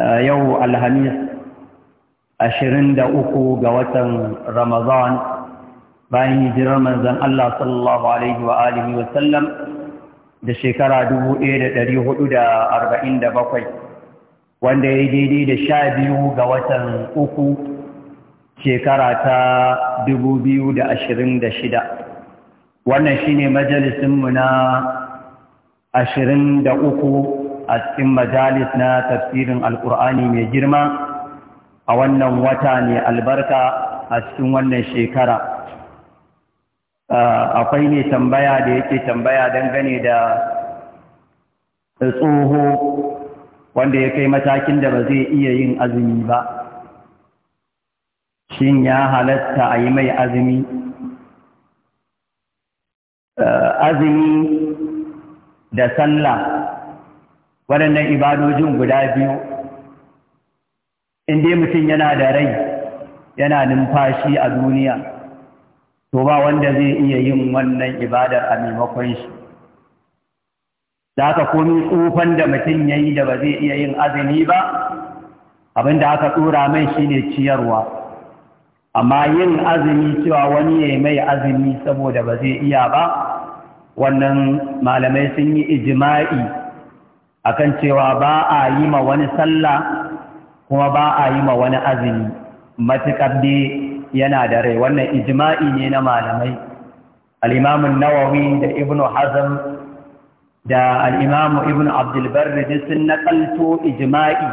Eh, yau alhamis ashirin da uku ga watan Ramazan bayan hijirar manzan Allah sallallahu Alaihi wa alihi wasallam da shekara bakwai, wanda ya daidai da sha biyu ga watan uku shekara ta shida, wannan shine majalisinmu na ashirin da uku a cikin majalis na tafsirin alkur'ani mai girma a wannan wata ne albarka a cikin wannan shekara akwai ne tambaya da yake tambaya dangane da tsoho wanda ya kai matakin da ba zai iya yin azumi ba shin ya halatta a yi mai azumi azumi da sallah waɗannan ibadojin guda biyu in mutum yana da rai yana numfashi a duniya to ba wanda zai iya yin wannan ibadar a maimakon shi da aka komi tsufan da mutum ya yi da ba zai iya yin azumi ba abinda aka tsura mai shine ciyarwa amma yin azumi cewa wani ya mai azumi saboda ba zai iya ba wannan malamai sun yi ijima'i akan cewa ba a yi ma wani sallah kuma ba a yi ma wani azumi matuƙar dai yana da rai wannan ijma'i ne na malamai an nawawi da ibnu hazm da al'imamu ibnu abdulbarri da sun naƙalto ijma'i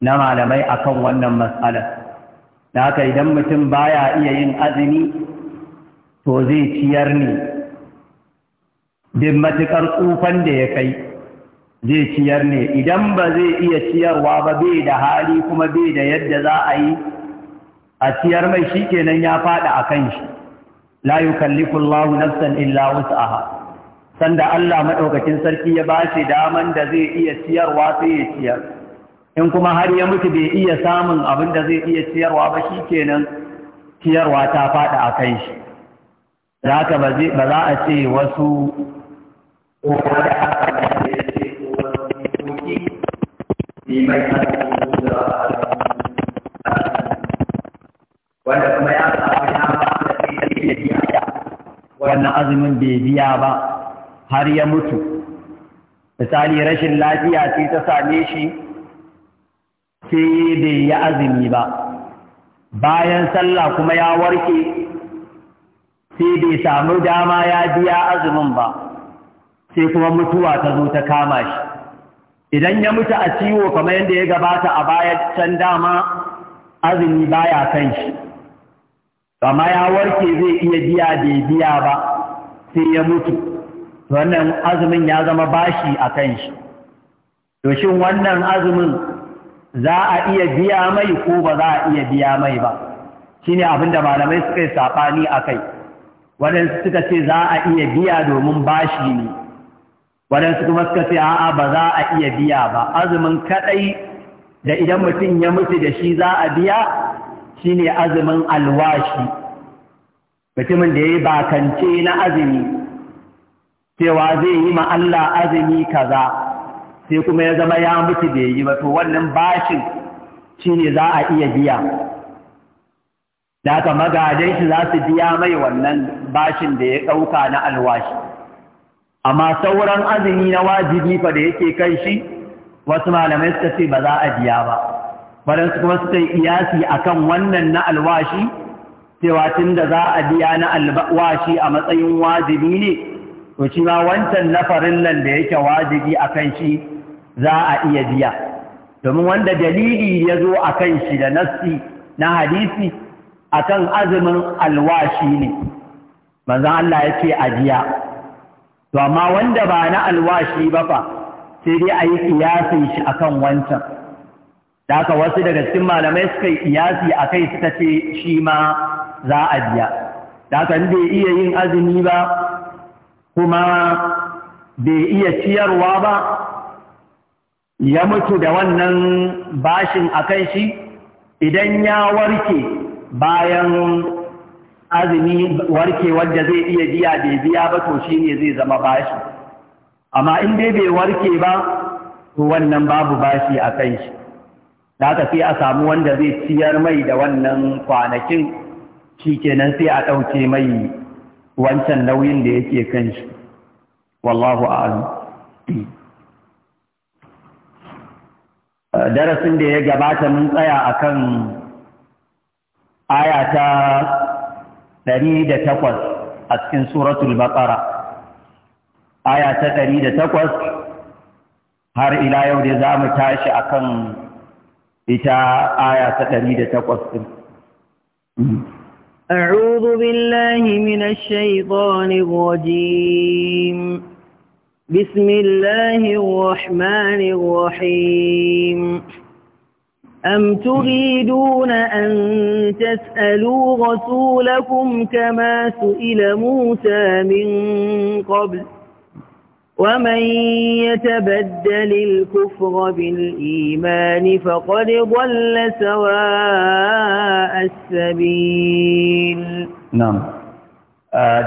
na malamai akan wannan matsalar da haka idan mutum baya iya yin azumi to zai ciyar ne bin matuƙar tsufan da ya kai zai ciyar ne idan ba zai iya ciyarwa ba bai da hali kuma bai da yadda za a yi a ciyar mai shi kenan ya faɗa a kan shi la yukallifullahu nafsan illa wus'aha sanda Allah madaukakin sarki ya bashi daman da zai iya ciyarwa sai ya ciyar in kuma har ya mutu bai iya samun abin da zai iya ciyarwa ba shi kenan ciyarwa ta faɗa a kan shi za ka ba za a ce wasu ko da wanda kuma ya ya biya azumin bai biya ba har ya mutu misali rashin lafiya sai ta same shi sai bai yi azumi ba bayan sallah kuma ya warke sai bai samu dama ya biya azumin ba sai kuma mutuwa ta zo ta kama shi idan ya mutu a ciwo kamar yadda ya gabata a baya can dama azumi baya kan shi kama ya warke zai iya biya bai biya ba sai ya mutu wannan azumin ya zama bashi a kan shi to shin wannan azumin za a iya biya mai ko ba za a iya biya mai ba shine abin da malamai suka yi saɓani a kai waɗansu suka ce za a iya biya domin bashi ne waɗansu kuma suka ce a'a ba za a iya biya ba azumin kaɗai da idan mutum ya mutu da shi za a biya shine azumin alwashi mutumin da ya yi bakance na azumi cewa zai yi ma Allah azumi kaza sai kuma ya zama ya mutu da yi ba to wannan bashin shine za a iya biya da haka magadan shi za su biya mai wannan bashin da ya ɗauka na alwashi amma sauran azumi na wajibi fa da yake kai shi wasu malamai suka ce ba za a biya ba waɗansu kuma suka yi iyasi akan wannan na alwashi cewa tun da za a biya na alwashi a matsayin wajibi ne to shi ma wancan na farillan da yake wajibi akan shi za a iya biya domin wanda dalili ya zo a kan shi da nassi na hadisi akan azumin alwashi ne manzon Allah yake ajiya to amma wanda ba na alwashi ba fa sai dai a yi shi akan wancan daka wasu daga cikin malamai suka yi kiyasi a kai suka ce shi ma za a biya da haka bai iya yin azumi ba kuma bai iya ciyarwa ba ya mutu da wannan bashin akan shi idan ya warke bayan azumi warke wanda zai iya biya bai biya ba to shi ne zai zama bashi amma in dai bai warke ba to wannan babu bashi a kan shi da aka sai a samu wanda zai ciyar mai da wannan kwanakin shi kenan sai a ɗauke mai wancan nauyin da yake kan shi wallahu a'lam darasin da ya gabata mun tsaya akan aya ta ɗari da takwas a cikin suratul baqara aya ta ɗari da takwas har ila yau da za mu tashi a kan ita aya ta ɗari da takwas ɗin. أعوذ بالله من الشيطان الرجيم بسم الله الرحمن الرحيم أم تريدون أن تسألوا رسولكم كما سئل موسى من قبل ومن يتبدل الكفر بالإيمان فقد ضل سواء السبيل نعم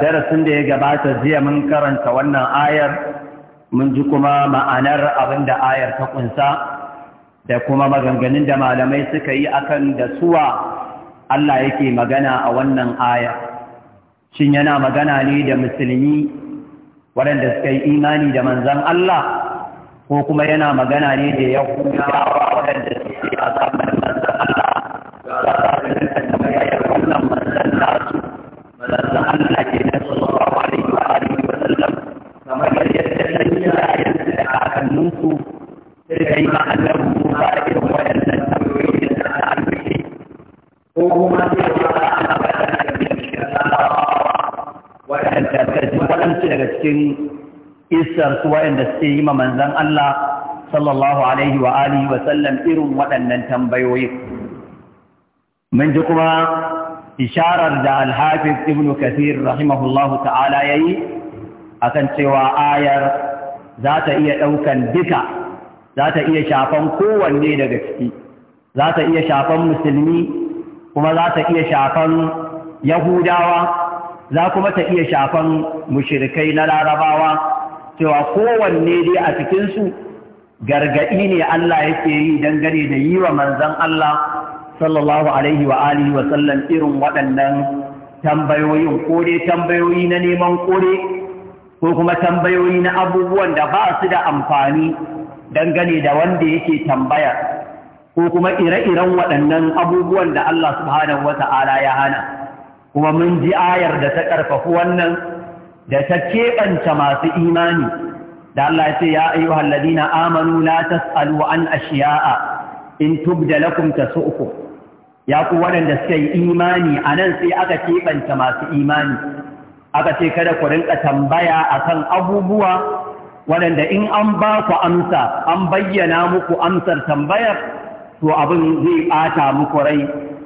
درس da ya gabata من كرن تونا آير من جكما ما أنر أبند آير تقنسا da kuma maganganun da malamai suka yi akan da suwa Allah yake magana a wannan aya shin yana magana ne da musulmi waɗanda suka yi imani da manzan Allah ko kuma yana magana ne da yahudawa waɗanda suke a zamanin manzan Allah ga su rinka da mayayar wannan manzan nasu manzan Allah ke cikin isar su waɗanda suke yi ma manzan Allah sallallahu alaihi wa alihi wa sallam irin waɗannan tambayoyi mun ji kuma isharar da alhafiz ibnu ibn kathir rahimahullahu ta'ala yayi akan cewa ayar za ta iya ɗaukan duka za ta iya shafan kowanne daga ciki za ta iya shafan musulmi kuma za ta iya shafan yahudawa za kuma ta iya shafan mushirikai na larabawa cewa kowanne dai a cikinsu gargaɗi ne Allah yake yi dangane da yi wa manzan Allah sallallahu alaihi wa alihi wa sallam irin waɗannan tambayoyin ko dai tambayoyi na neman kore ko kuma tambayoyi na abubuwan da ba su da amfani dangane da wanda yake tambaya ko kuma ire-iren waɗannan abubuwan da Allah subhanahu wa ya hana kuma mun ji ayar da ta ƙarfafi wannan da ta keɓance masu imani da Allah ya ce ya ayyuhal na amanu la tasalu an ashiya'a in tubda lakum uku. ya ku waɗanda suka yi imani a nan sai aka keɓance masu imani aka ce kada ku rinka tambaya akan abubuwa waɗanda in an ba ku amsa an bayyana muku amsar tambayar to abin zai ɓata muku rai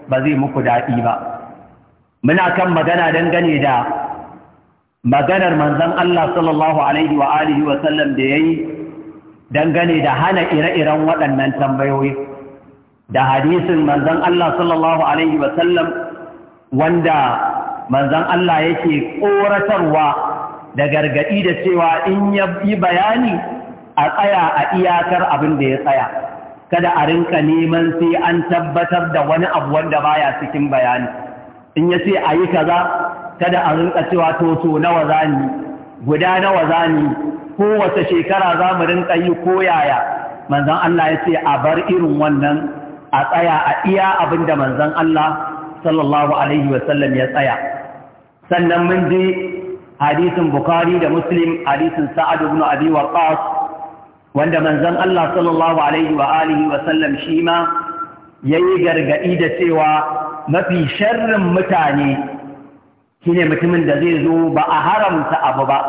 ba zai muku daɗi ba muna kan magana dangane da maganar manzan Allah sallallahu alaihi wa alihi wa sallam da yayi dangane da hana ire-iren waɗannan tambayoyi da hadisin manzan Allah sallallahu alaihi wa wanda manzon Allah yake koratarwa da gargadi da cewa in yi bayani a tsaya a iyakar abin da ya tsaya kada a rinka neman sai an tabbatar da wani abu wanda baya cikin bayani in ya ce a yi kaza kada a rinka cewa to so nawa za ni guda nawa za ni kowace shekara za mu rinka yi ko koyaya manzon Allah ya ce a bar irin wannan a tsaya a iya abin da manzon Allah sallallahu alaihi wa sallam ya tsaya sannan mun ji hadisin Bukhari da Muslim hadisin Sa'ad ibn Abi Waqqas wanda manzon Allah sallallahu alaihi wa alihi wasallam shi ma yayi gargadi da cewa mafi sharrin mutane ne mutumin da zai zo ba a haramta abu ba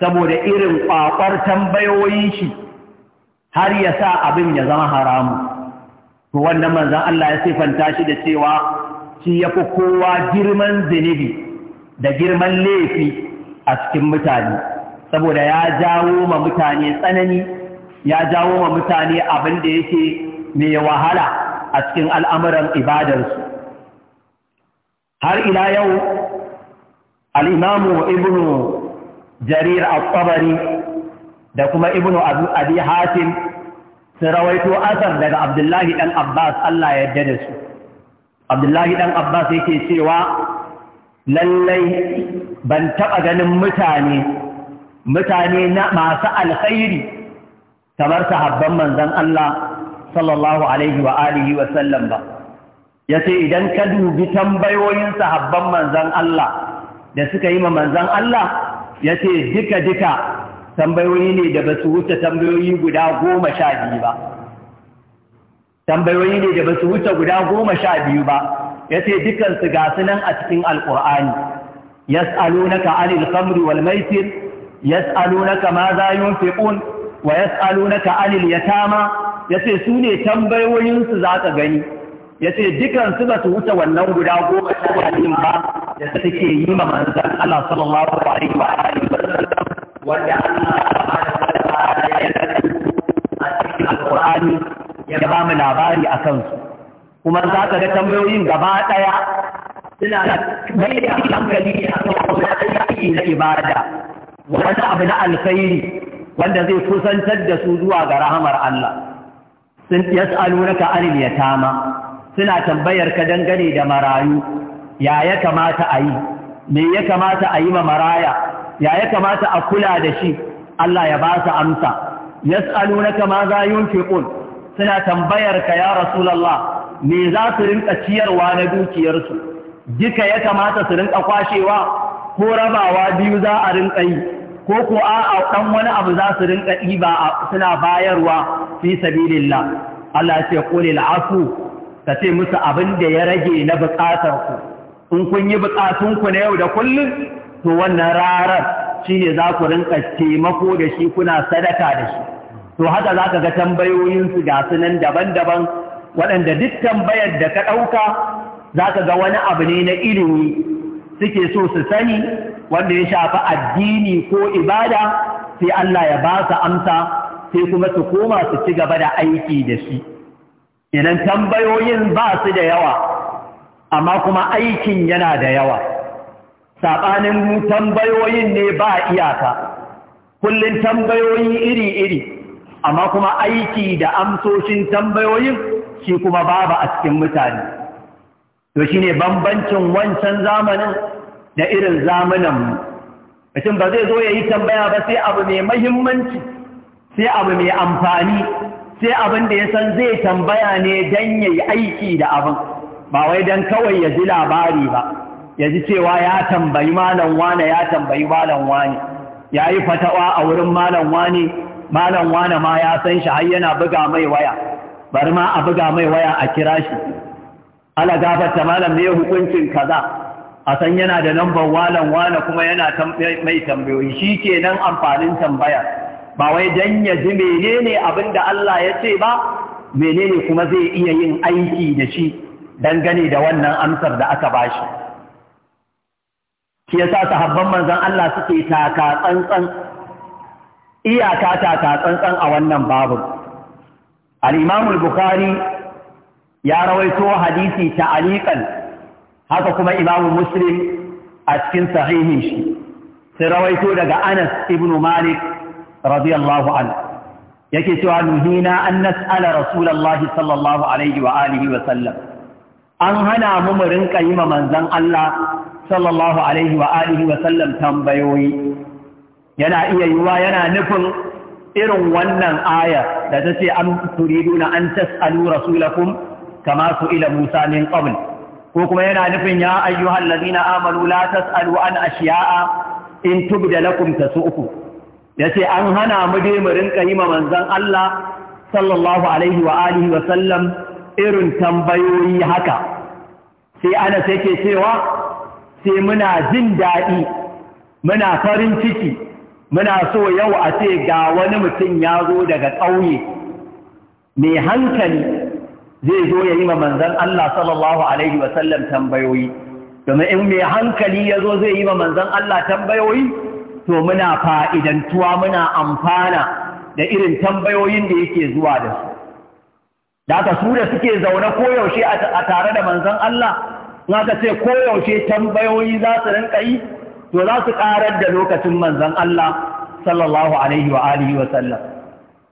saboda irin kwakwar tambayoyin shi har ya sa abin ya zama haramu to wannan manzan Allah ya sifanta shi da cewa shi ya fi kowa girman zinibi da girman laifi a cikin mutane saboda ya jawo ma mutane tsanani ya jawo ma mutane abin da yake mai wahala a cikin al'amuran ibadarsu har ila yau al'imamu ibnu jarir al-tabari da kuma ibnu abi hatim sun rawaito asar daga abdullahi ɗan abbas allah ya yarda da su abdullahi ɗan abbas yake cewa lallai ban taɓa ganin mutane mutane na masu alkhairi kamar sahabban manzon Allah sallallahu alaihi wa alihi wa sallam ba ya ce idan ka dubi tambayoyin sahabban manzan Allah da suka yi ma manzan Allah ya ce duka-duka tambayoyi ne da ba su wuce tambayoyi guda goma sha biyu ba tambayoyi ne da ba su wuce guda goma sha biyu ba ya ce dukansu ga su nan a cikin alƙur'ani ka anil khamri wal na ka ma za yunfiqun wa yas'alunaka anil yatama yace su ne tambayoyinsu za ka gani ya ce dukan su ba su wuce wannan guda goma sha ɗin ba da suke yi ma manzan Allah sallallahu alaihi wa alihi wa sallam wanda Allah subhanahu wa ta'ala ya a cikin alqur'ani ya ba mu labari a kansu kuma za ka ga tambayoyin gaba ɗaya suna mai da hankali a kan ibada wani abu na alkhairi wanda zai kusantar da su zuwa ga rahamar Allah sun yas'alunaka anil yatama suna tambayar ka dangane da marayu ya ya kamata a yi me ya kamata a yi ma maraya ya ya kamata a kula da shi Allah ya ba su amsa yas'alunaka ma za yunfiqun suna tambayar ka ya rasulallah? me za su rinka ciyarwa na dukiyarsu duka ya kamata su rinka kwashewa ko rabawa biyu za a rinka yi ko ko a ɗan wani abu za su rinka ɗiba suna bayarwa fi sabilillah Allah ya ce qulil afu ka ce musu abin da ya rage na buƙatarku in kun yi buƙatunku na yau da kullum to wannan rarar shi ne za ku rinka taimako da shi kuna sadaka da shi to haka za ka ga tambayoyinsu ga su nan daban-daban waɗanda duk tambayar da ka ɗauka za ka ga wani abu ne na ilimi suke so su sani wanda ya shafi addini ko ibada sai Allah ya ba su amsa sai kuma su koma su ci gaba da aiki da shi. idan tambayoyin ba su da yawa amma kuma aikin yana da yawa saɓanin tambayoyin ne ba iyaka kullum tambayoyi iri-iri amma kuma aiki da amsoshin tambayoyin shi kuma babu a cikin mutane to shi ne bambancin wancan zamanin da irin zamaninmu mutum ba zai zo ya yi tambaya ba sai abu mai mahimmanci sai abu mai amfani sai abin da ya san zai tambaya ne don ya yi aiki da abin ba wai don kawai ya ji labari ba ya ji cewa ya tambayi malam wane ya tambayi malam wane ya yi fatawa a wurin malam wane malam wane ma ya san shi har yana buga mai waya bari ma a buga mai waya a kira shi ala gafarta malam ne hukuncin kaza a san yana da lambar walan kuma yana mai tambayoyi shi kenan amfanin tambayar. ba wai don ya ji menene abin da Allah ya ce ba menene kuma zai iya yin aiki da shi dangane da wannan amsar da aka ba shi yasa sahabban manzan Allah suke taka tsantsan iyaka taka tsantsan a wannan babu al-Imam bukhari ya rawaito hadisi ta Alikal, haka kuma Imam Muslim a cikin sahihin shi sai rawaito daga Anas ibn Malik radiyallahu an yake cewa nuhina an nas'ala rasulullahi sallallahu alaihi wa alihi wa sallam an hana mu mu rinka yi ma manzon Allah sallallahu alaihi wa alihi wa sallam tambayoyi yana iya yiwa yana nufin irin wannan aya da ta ce an turiduna an tas'alu rasulakum kama su ila Musa min qabl ko kuma yana nufin ya ayyuhal ladina amanu la tas'alu an ashiya'a in tubda lakum tasu'ukum ya ce an hana mu dai mu rinka yi ma manzon Allah sallallahu alaihi wa alihi wa sallam irin tambayoyi haka sai ana yake cewa sai muna jin daɗi muna farin ciki muna so yau a ce ga wani mutum ya zo daga ƙauye mai hankali zai zo ya yi ma manzon Allah sallallahu alaihi wa sallam tambayoyi domin in mai hankali ya zo zai yi ma manzon Allah tambayoyi to muna fa'idantuwa muna amfana da irin tambayoyin da yake zuwa da su. Daga su da suke zaune koyaushe a tare da manzan Allah, ka ce koyaushe tambayoyi za su rinka yi, to za su ƙarar da lokacin manzan Allah sallallahu Alaihi wa Alihi sallam.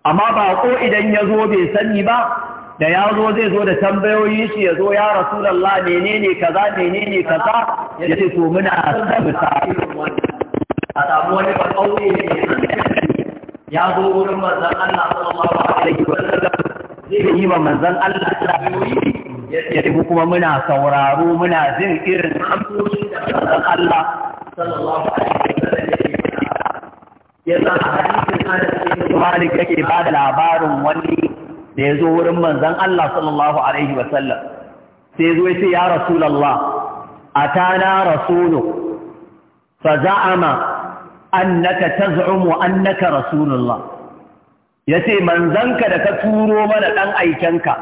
Amma ba ko idan ya zo bai sani ba, da ya zo zai zo da tambayoyi shi ya zo ya Rasulallah menene kaza menene kaza ya ce to muna sabu sa a samu wani ba kauye ne ya zo wurin manzan Allah sallallahu alaihi wa sallam zai yi wa manzan Allah sallallahu ya tafi kuma muna sauraro muna jin irin amsoshi da manzon Allah sallallahu alaihi wa sallam ya san a hadisin Anas Malik yake ba da labarin wani da ya zo wurin manzan Allah sallallahu alaihi wa sallam sai zo ya ce ya rasulullah atana rasulu fa za'ama annaka taz'umu annaka rasulullah yace manzanka da ka turo mana dan aikenka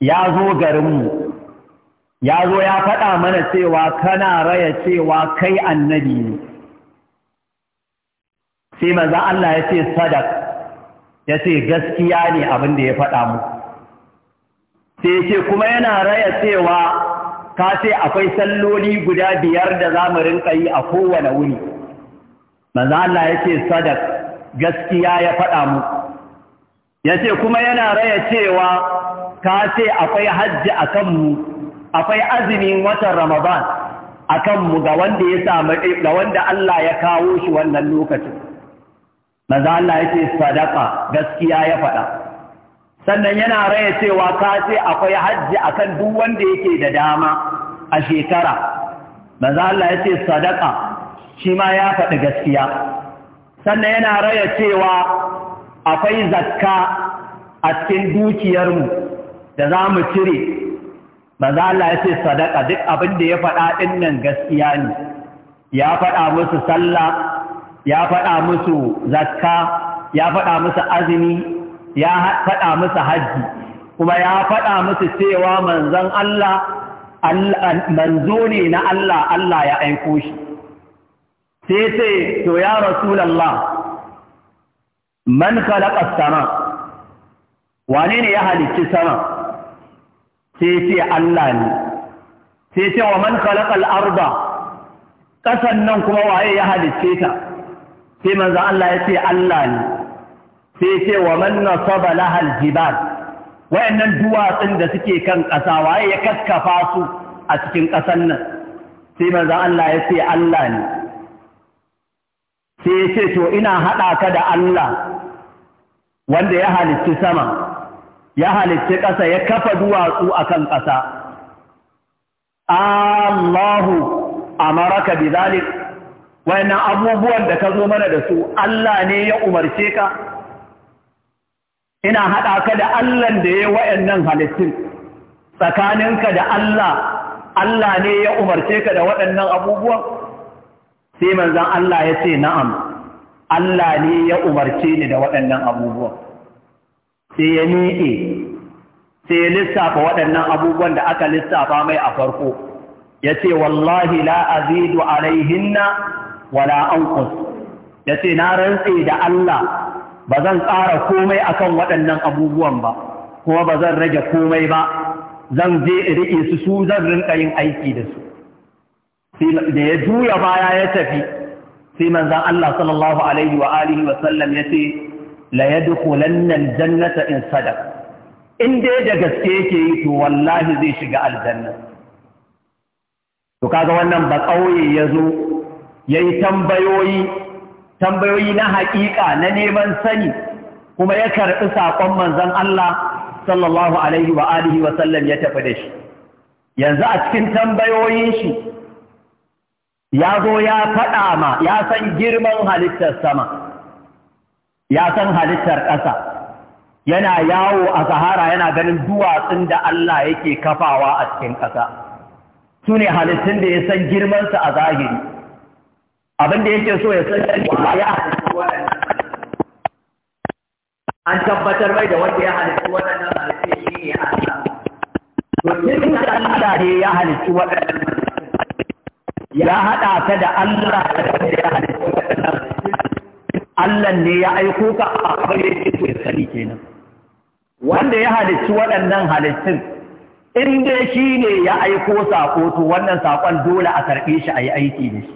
ya zo mu ya zo ya fada mana cewa kana raya cewa kai annabi ne sai manzan Allah ya ce sadak gaskiya ne abin da ya fada mu sai yace kuma yana raya cewa ka ce akwai salloli guda biyar da za rinka yi a kowane wuni manzo Allah yake sadaq gaskiya ya faɗa mu yace kuma yana raya cewa ka ce akwai hajji akan mu akwai azumin watan Ramadan akan mu ga wanda ya samu ga wanda Allah ya kawo shi wannan lokacin manzo Allah yake sadaqa gaskiya ya faɗa sannan yana raya cewa ka ce akwai hajji akan duk wanda yake da dama a shekara manzo Allah yace sadaqa shi ma ya faɗi gaskiya sannan yana raya cewa akwai zakka a cikin dukiyarmu da za mu cire maza Allah ya ce sadaka duk abin da ya faɗa ɗin nan gaskiya ne ya faɗa musu sallah ya faɗa musu zakka ya faɗa musu azumi ya faɗa musu hajji kuma ya faɗa musu cewa manzon Allah manzo ne na Allah Allah ya aiko shi sai ce to ya rasulallah man khalaqa sama wane ne ya halicci sama sai ce Allah ne sai ce wa man khalaqa al-arda kasan nan kuma waye ya halicce ta sai manzo Allah ya ce Allah ne sai ce wa man nasaba laha al-jibal wayannan duwatsun da suke kan ƙasa waye ya kaskafa su a cikin ƙasan nan sai manzo Allah ya ce Allah ne sai ya ce to ina haɗa ka da Allah wanda ya halitti sama ya halitti ƙasa ya kafa duwatsu a kan ƙasa Allahu amaraka bi zalik wayannan abubuwan da ka zo mana da su Allah ne ya umarce ka ina haɗa ka da Allah da ya wayannan halittun tsakaninka da Allah Allah ne ya umarce ka da waɗannan abubuwan sai manzan Allah ya ce na'am Allah ne ya umarce ni da waɗannan abubuwan sai ya miƙe sai ya lissafa waɗannan abubuwan da aka lissafa mai a farko ya ce wallahi la alaihinna wala anqus ya ce na rantse da Allah ba zan ƙara komai a kan waɗannan abubuwan ba kuma ba zan rage komai ba zan je riƙe su su zan rinƙa yin aiki da su da ya juya baya ya tafi sai manzan Allah sallallahu alaihi wa alihi wa sallam ya ce la yadkhulanna aljannata in sadaq in dai da gaske yake yi to wallahi zai shiga aljanna to kaga wannan ba kauye zo yayi tambayoyi tambayoyi na haƙiƙa na neman sani kuma ya karɓi saƙon manzon Allah sallallahu alaihi wa alihi wa sallam ya tafi da shi yanzu a cikin tambayoyin shi ya zo ya faɗa ma ya san girman halittar sama ya san halittar ƙasa yana yawo a sahara yana ganin duwatsun da Allah yake kafawa a cikin ƙasa su ne halittun da ya san girmansa a zahiri abin da yake so ya san ya an tabbatar mai da wanda ya halittu waɗannan halittu shi ne Allah. To, da Allah ne ya halittu waɗannan halittu. ya haɗa ta da Allah da ya Allah ne ya aiko ka a kwaye ce ya kenan wanda ya halicci waɗannan halittun inda shi ne ya aiko saƙo to wannan saƙon dole a karɓe shi a yi aiki da shi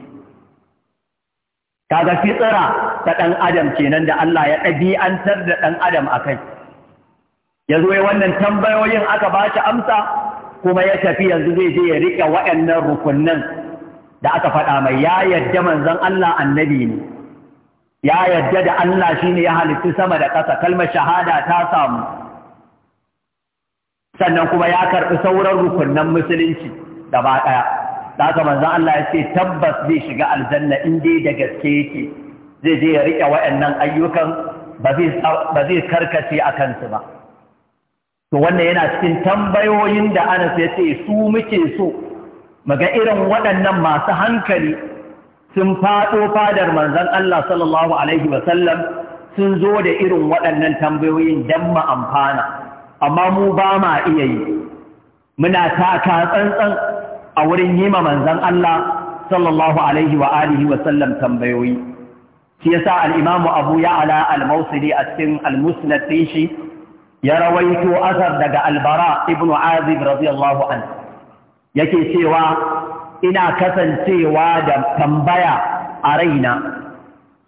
kaga fitsira ta ɗan adam kenan da Allah ya ɗabi'antar da ɗan adam a kai ya zo wannan tambayoyin aka ba shi amsa kuma ya tafi yanzu zai je ya riƙe waɗannan rukunnan da aka faɗa mai ya yadda manzon Allah annabi ne ya yadda da Allah shine ya halittu sama da ƙasa kalmar shahada ta samu sannan kuma ya karɓi sauran rukunin musulunci gaba ɗaya da haka manzon Allah ya ce tabbas zai shiga aljanna in dai da gaske yake zai je ya riƙe waɗannan ayyukan ba zai karkace a kansu ba to wannan yana cikin tambayoyin da Anas ya ce su muke so maga irin waɗannan masu hankali sun faɗo fadar manzan Allah sallallahu Alaihi wasallam sun zo da irin waɗannan tambayoyin don amfana, amma mu ba ma iya yi, muna taka tsantsan a wurin yi ma manzan Allah sallallahu Alaihi wa alihi wasallam tambayoyi. Shi yasa al'imamu Abu ya al-Mausili a cikin al-Musnad shi ya rawaito asar daga Albara ibn Azib radiyallahu anhu. yake cewa ina kasancewa da tambaya a raina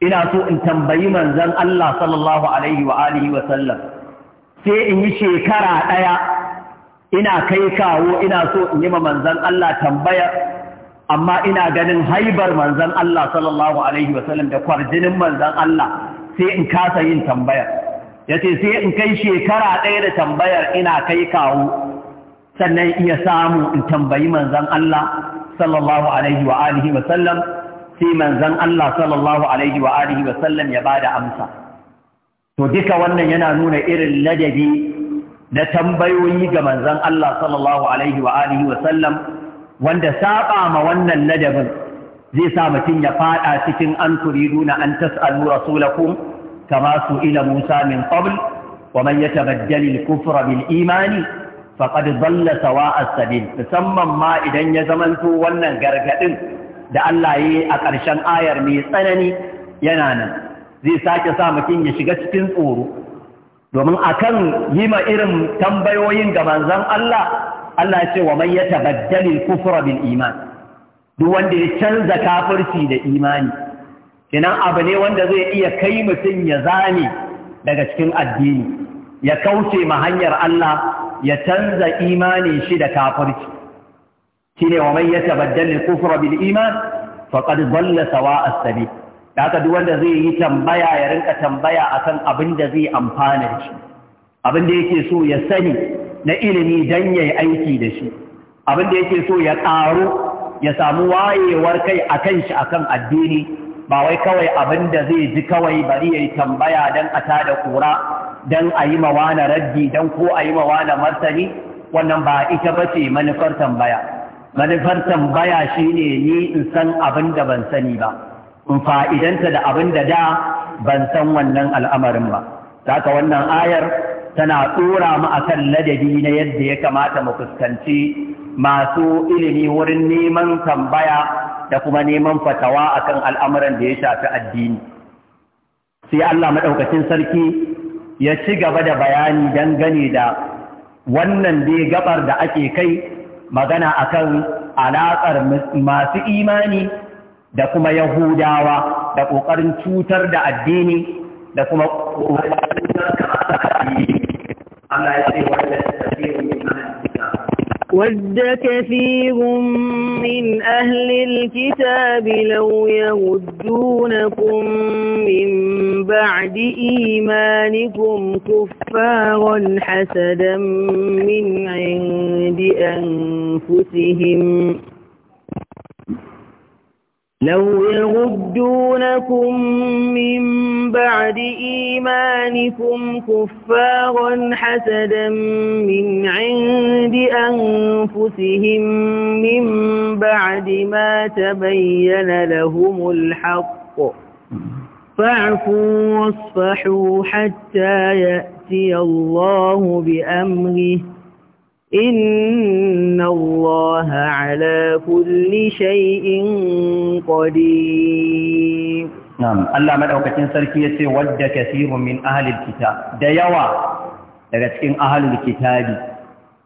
ina so in tambayi manzon Allah sallallahu alaihi wa alihi wa sallam sai in yi shekara ɗaya ina kai kawo ina so in yi ma manzon Allah tambaya amma ina ganin haibar manzan Allah sallallahu alaihi wa sallam da kwarjinin manzon Allah sai in kasa yin tambayar yace sai in kai shekara ɗaya da tambayar ina kai kawo sannan iya samu in tambayi manzan Allah sallallahu alaihi wa alihi wa sallam sai manzan Allah sallallahu alaihi wa alihi wa sallam ya bada amsa to duka wannan yana nuna irin ladabi na tambayoyi ga manzan Allah sallallahu alaihi wa alihi wa sallam wanda saba ma wannan ladabin zai sa mutum ya fada cikin an turiduna an tas'alu rasulakum kama su ila Musa min qabl wa man yatabaddalu al-kufra bil imani faƙad zalla sawa as-sabil musamman ma idan ya zamanto wannan gargadin da Allah yi a ƙarshen ayar mai tsanani yana nan zai sake sa mutum ya shiga cikin tsoro domin akan yi ma irin tambayoyin ga manzon Allah Allah ya ce wa man yatabaddali kufra bil iman duk wanda ya canza kafirci da imani kinan abu ne wanda zai iya kai mutum ya zane daga cikin addini ya kauce ma hanyar Allah ya canza imani shi da kafirci ne wa man yatabaddal ne kufura bil iman faqad dhalla sawa'a as-sabil daga duk wanda zai yi tambaya ya rinka tambaya akan abin da zai amfana da shi abin da yake so ya sani na ilimi dan yayi aiki da shi abin da yake so ya ƙaru ya samu wayewar kai akan shi akan addini ba wai kawai abin da zai ji kawai bari yayi tambaya dan a tada kura don a yi mawana raddi don ko a yi mawana martani wannan ba ita ba ce manufar tambaya manufar tambaya shine ni in san abin da ban sani ba in fa'idanta da abin da da ban san wannan al'amarin ba ka wannan ayar tana tsora mu akan ladabi na yadda ya kamata mu fuskanci masu ilimi wurin neman tambaya da kuma neman fatawa akan al'amuran da ya shafi addini sai Allah maɗaukacin sarki ya ci gaba da bayani dangane da wannan dai gabar da ake kai magana akan alaƙar masu imani da kuma yahudawa da ƙoƙarin cutar da addini da kuma ƙoƙarin Allah ya ce wannan ود كثير من أهل الكتاب لو يودونكم من بعد إيمانكم كفارا حسدا من عند أنفسهم لو يردونكم من بعد إيمانكم كفارا حسدا من عند أنفسهم من بعد ما تبين لهم الحق فاعفوا واصفحوا حتى يأتي الله بأمره إن الله على كل شيء قدير نعم الله مدعوكتين سركية ود كثير من أهل الكتاب ديوا كن أهل الكتاب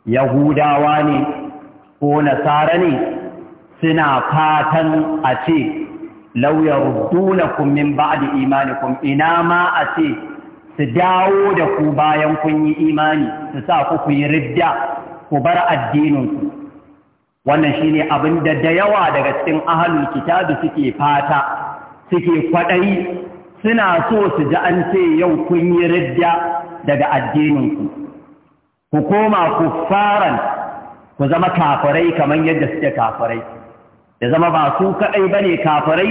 يهودا واني ونصارني سنا فاتا أتي لو يردونكم من بعد إيمانكم إنما أتي su dawo da ku bayan kun yi ku bar addininku wannan shine abin da da yawa daga cikin ahlul kitabi suke fata suke kwaɗayi suna so su ji an ce yau kun yi ridda daga addininku ku koma ku faran, ku zama kafirai kamar yadda suke kafirai da zama ba su kaɗai bane kafirai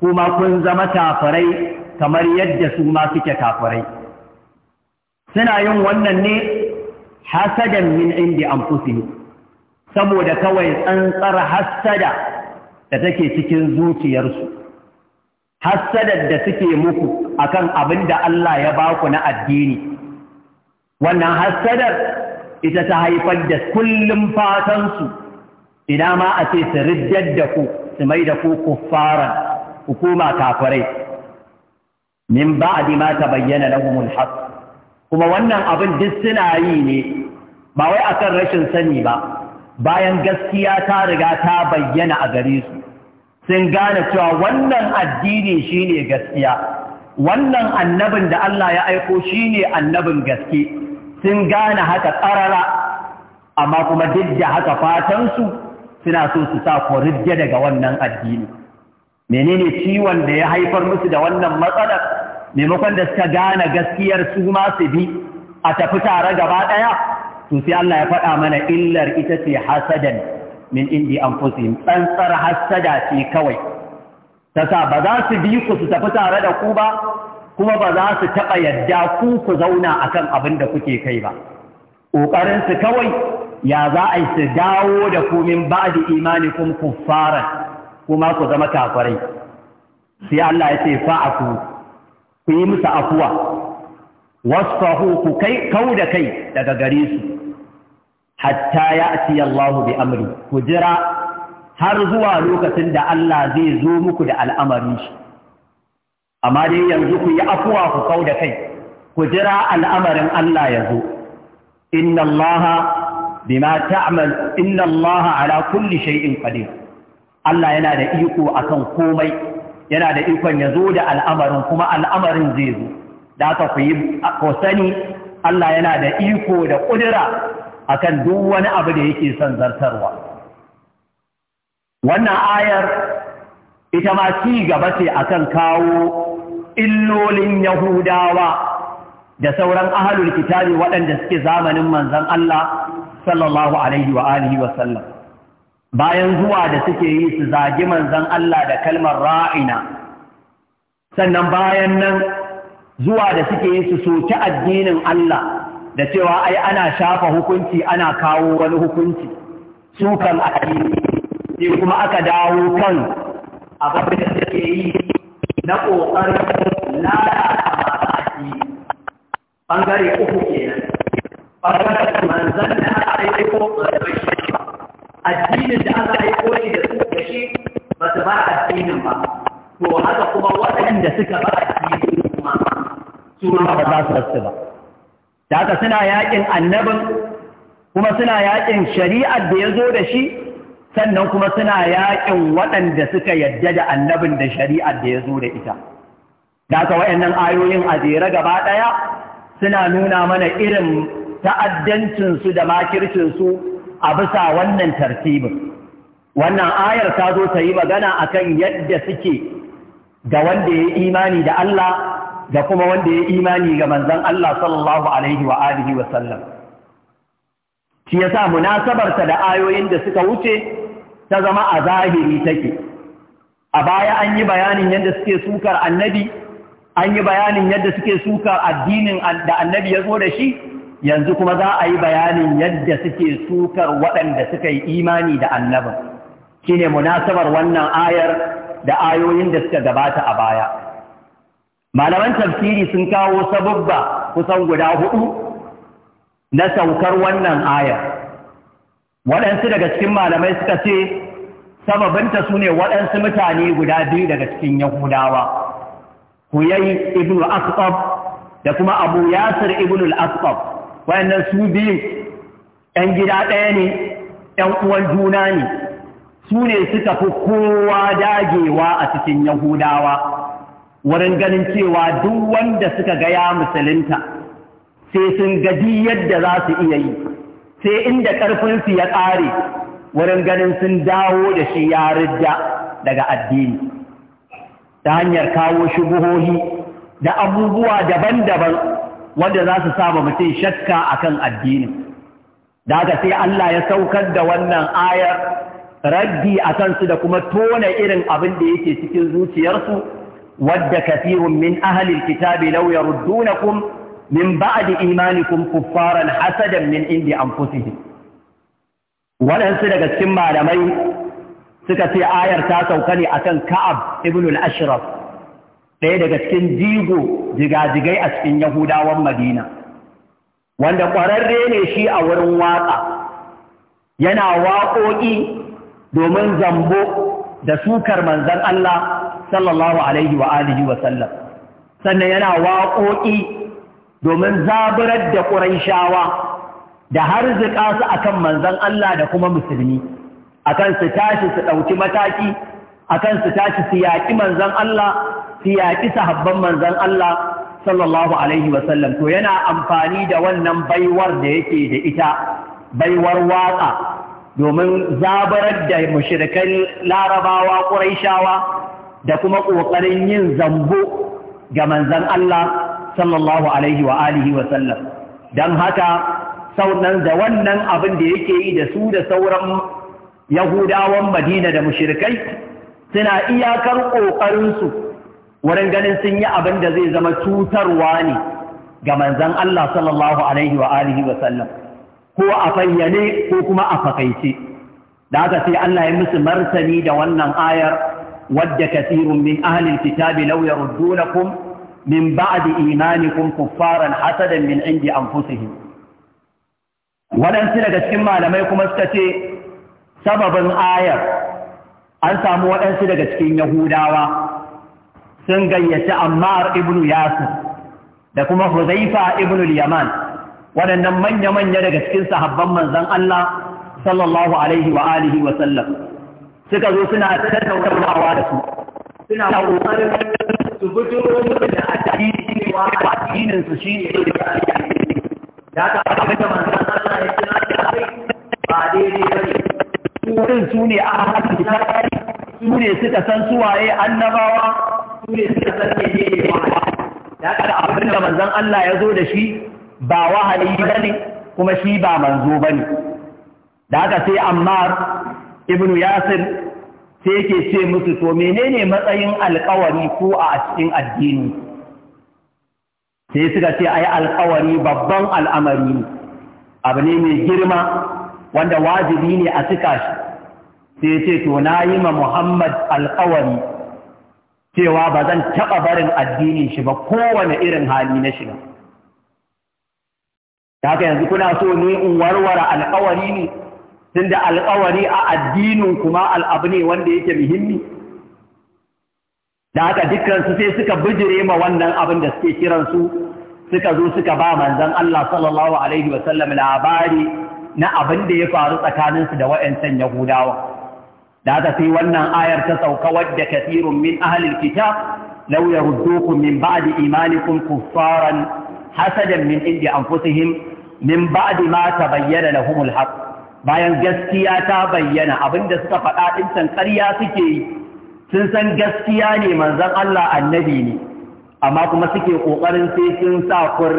kuma kun zama kafirai kamar yadda su ma suke kafirai suna yin wannan ne hasadan min indi anfusihim saboda kawai tsantsar hasada da take cikin zuciyarsu hasadar da suke muku akan abin da Allah ya ba ku na addini wannan hasadar ita ta haifar da kullum fatansu ina ma a ce su riddar da ku su mai da ku kuffaran hukuma kafirai min ba'di ma bayyana lahumul haqq kuma wannan abin duk suna yi ne ba wai akan rashin sani ba bayan gaskiya ta riga ta bayyana a gare su sun gane cewa wannan addini shine gaskiya wannan annabin da Allah ya aiko shine annabin gaske sun gane haka tsarara amma kuma duk da haka fatansu suna so su sa korijje daga wannan addini menene ciwon da ya haifar musu da wannan matsalar maimakon da suka gane gaskiyar su ma su bi a tafi tare gaba ɗaya to sai Allah ya faɗa mana illar ita ce hasadan min indi anfusihim tsantsar hasada ce kawai ta sa ba za su bi ku su tafi tare da ku ba kuma ba za su taɓa yadda ku ku zauna akan abin da kuke kai ba ƙoƙarin su kawai ya za a yi su dawo da ku min ba'di ku fara kuma ku zama kafirai sai Allah ya ce ku. ku yi musu afuwa wasfahu ku kai kau da kai daga gare su hatta ya ci Allahu bi amri ku jira har zuwa lokacin da Allah zai zo muku da al'amarin shi amma dai yanzu ku yi afuwa ku kau da kai ku jira al'amarin Allah ya zo inna Allah bima ta'mal inna Allah ala kulli shay'in qadir Allah yana da iko akan komai yana da ikon ya zo da al'amarin kuma al'amarin zai zo da aka ku yi ko sani Allah yana da iko da ƙudura akan duk wani abu da yake son zartarwa wannan ayar ita ma ci gaba ce akan kawo illolin yahudawa da sauran ahalul kitabi waɗanda suke zamanin manzon Allah sallallahu alaihi wa alihi bayan zuwa da suke yi su zagi manzan Allah da kalmar ra'ina sannan bayan nan zuwa da suke yi su soki addinin Allah da cewa ai ana shafa hukunci ana kawo wani hukunci su kan addini sai kuma aka dawo kan abin da suke yi na ƙoƙarin lalata masu ɓangare uku ke nan. manzan da aka yi addinin da aka yi koyi da su da shi ba su ba addinin ba to haka kuma waɗanda suka ba addinin kuma su ma ba za su rasu ba da haka suna yakin annabin kuma suna yakin shari'ar da ya zo da shi sannan kuma suna yakin waɗanda suka yadda da annabin da shari'ar da ya zo da ita da haka wayannan ayoyin a jere gaba ɗaya suna nuna mana irin ta'addancinsu da makircinsu a bisa wannan tartibin wannan ayar ta zo ta yi magana akan yadda suke ga wanda ya yi imani da Allah da kuma wanda ya yi imani ga manzon Allah sallallahu alaihi wa alihi shi yasa munasabarta da ayoyin da suka wuce ta zama a zahiri take a baya an yi bayanin yadda suke sukar annabi an yi bayanin yadda suke sukar addinin da annabi ya zo da shi yanzu kuma za a yi bayanin yadda suke sukar waɗanda suka yi imani da annabin shine munasabar wannan ayar da ayoyin da suka gabata a baya malaman tafsiri sun kawo sababba kusan guda hudu na saukar wannan ayar waɗansu daga cikin malamai suka ce sababinta su ne waɗansu mutane guda biyu daga cikin yahudawa huyayi Ibnu al da kuma abu yasir ibn al wayannan su biyu ‘yan gida ɗaya ne ‘yan uwan juna ne su ne suka fi kowa dagewa a cikin yahudawa wurin ganin cewa duk wanda suka gaya ya musulunta sai sun gadi yadda za su iya yi sai inda ƙarfinsu ya ƙare wurin ganin sun dawo da shi ya ridda daga addini ta hanyar kawo shubuhohi da abubuwa daban-daban wanda za su sa mutum shakka akan addini da sai Allah ya saukar da wannan ayar raddi a kansu da kuma tona irin abin da yake cikin zuciyarsu wadda kafirun min ahalin kitabi law yaruddunakum min ba'di imanikum kuffaran hasadan min indi anfusihim waɗansu daga cikin malamai suka ce ayar ta sauka ne akan Ka'ab ibn al-Ashraf ɗaya daga cikin jigo jigajigai a cikin Yahudawan Madina, wanda ƙwararre ne shi a wurin waƙa, yana waƙoƙi domin zambo da sukar manzan Allah sallallahu Alaihi wa alihi Sannan yana waƙoƙi domin zaburar da ƙuranshawa da har su akan manzan Allah da kuma musulmi, akan su tashi su ɗauki mataki akan su tashi su yaƙi manzon Allah su yaƙi sahabban manzan Allah sallallahu alaihi wasallam to yana amfani da wannan baiwar da yake da ita baiwar waƙa domin zabarar da mushrikan larabawa ƙuraishawa da kuma ƙoƙarin yin zambo ga manzan Allah sallallahu alaihi wa alihi don haka saunan da wannan abin da yake yi da su da sauran yahudawan madina da mushrikai suna iyakar ƙoƙarinsu wurin ganin sun yi abin da zai zama cutarwa ne ga manzan Allah sallallahu Alaihi wa alihi wa sallam ko a fayyane ko kuma a fakaice da aka sai Allah ya musu martani da wannan ayar wadda kasirun min ahalin kitabi law yaruddunakum min ba'adi imanikum kuffaran hasadan min indi anfusihim wadansu daga cikin malamai kuma suka ce sababin ayar an samu waɗansu daga cikin yahudawa sun gayyaci ammar ibn yasir da kuma huzaifa ibn yaman waɗannan manya-manya daga cikin sahabban manzan Allah sallallahu alaihi wa alihi wa sallam suka zo suna tattaunawa da su suna kokarin su fito musu da ne wa addinin su ne da ka ga da manzan Allah ya kira da ba daidai ne. su ne a hannun kitab ne suka san suwaye annabawa su ne suka san ne ne ya kada abin da manzon Allah ya zo da shi ba ba ne kuma shi ba manzo ne, da aka sai Ammar ibnu Yasir sai yake ce musu to menene matsayin alkawari ko a cikin addini sai suka ce ai alkawari babban al'amari abu ne mai girma wanda wajibi ne a cika shi sai ce to na yi ma Muhammad alkawari cewa ba zan taɓa barin addinin shi ba kowane irin hali na shiga. Da haka yanzu kuna so ne in warware alkawari ne, tun da alkawari a addinin kuma al'abu ne wanda yake muhimmi. Da haka dukkansu sai suka bijire ma wannan abin da suke kiransu suka zo suka ba manzan Allah sallallahu Alaihi wasallam labari na abin da ya faru tsakaninsu da wa'yancan Yahudawa. da haka wannan ayar ta sauka wadda kathirun min ahlil kitab law yaruddukum min ba'di imanikum kuffaran hasadan min indi anfusihim min ba'di ma na lahumul haqq bayan gaskiya ta bayyana abinda suka faɗa din san ƙarya suke yi sun san gaskiya ne manzon Allah annabi ne amma kuma suke ƙoƙarin sai sun sa kun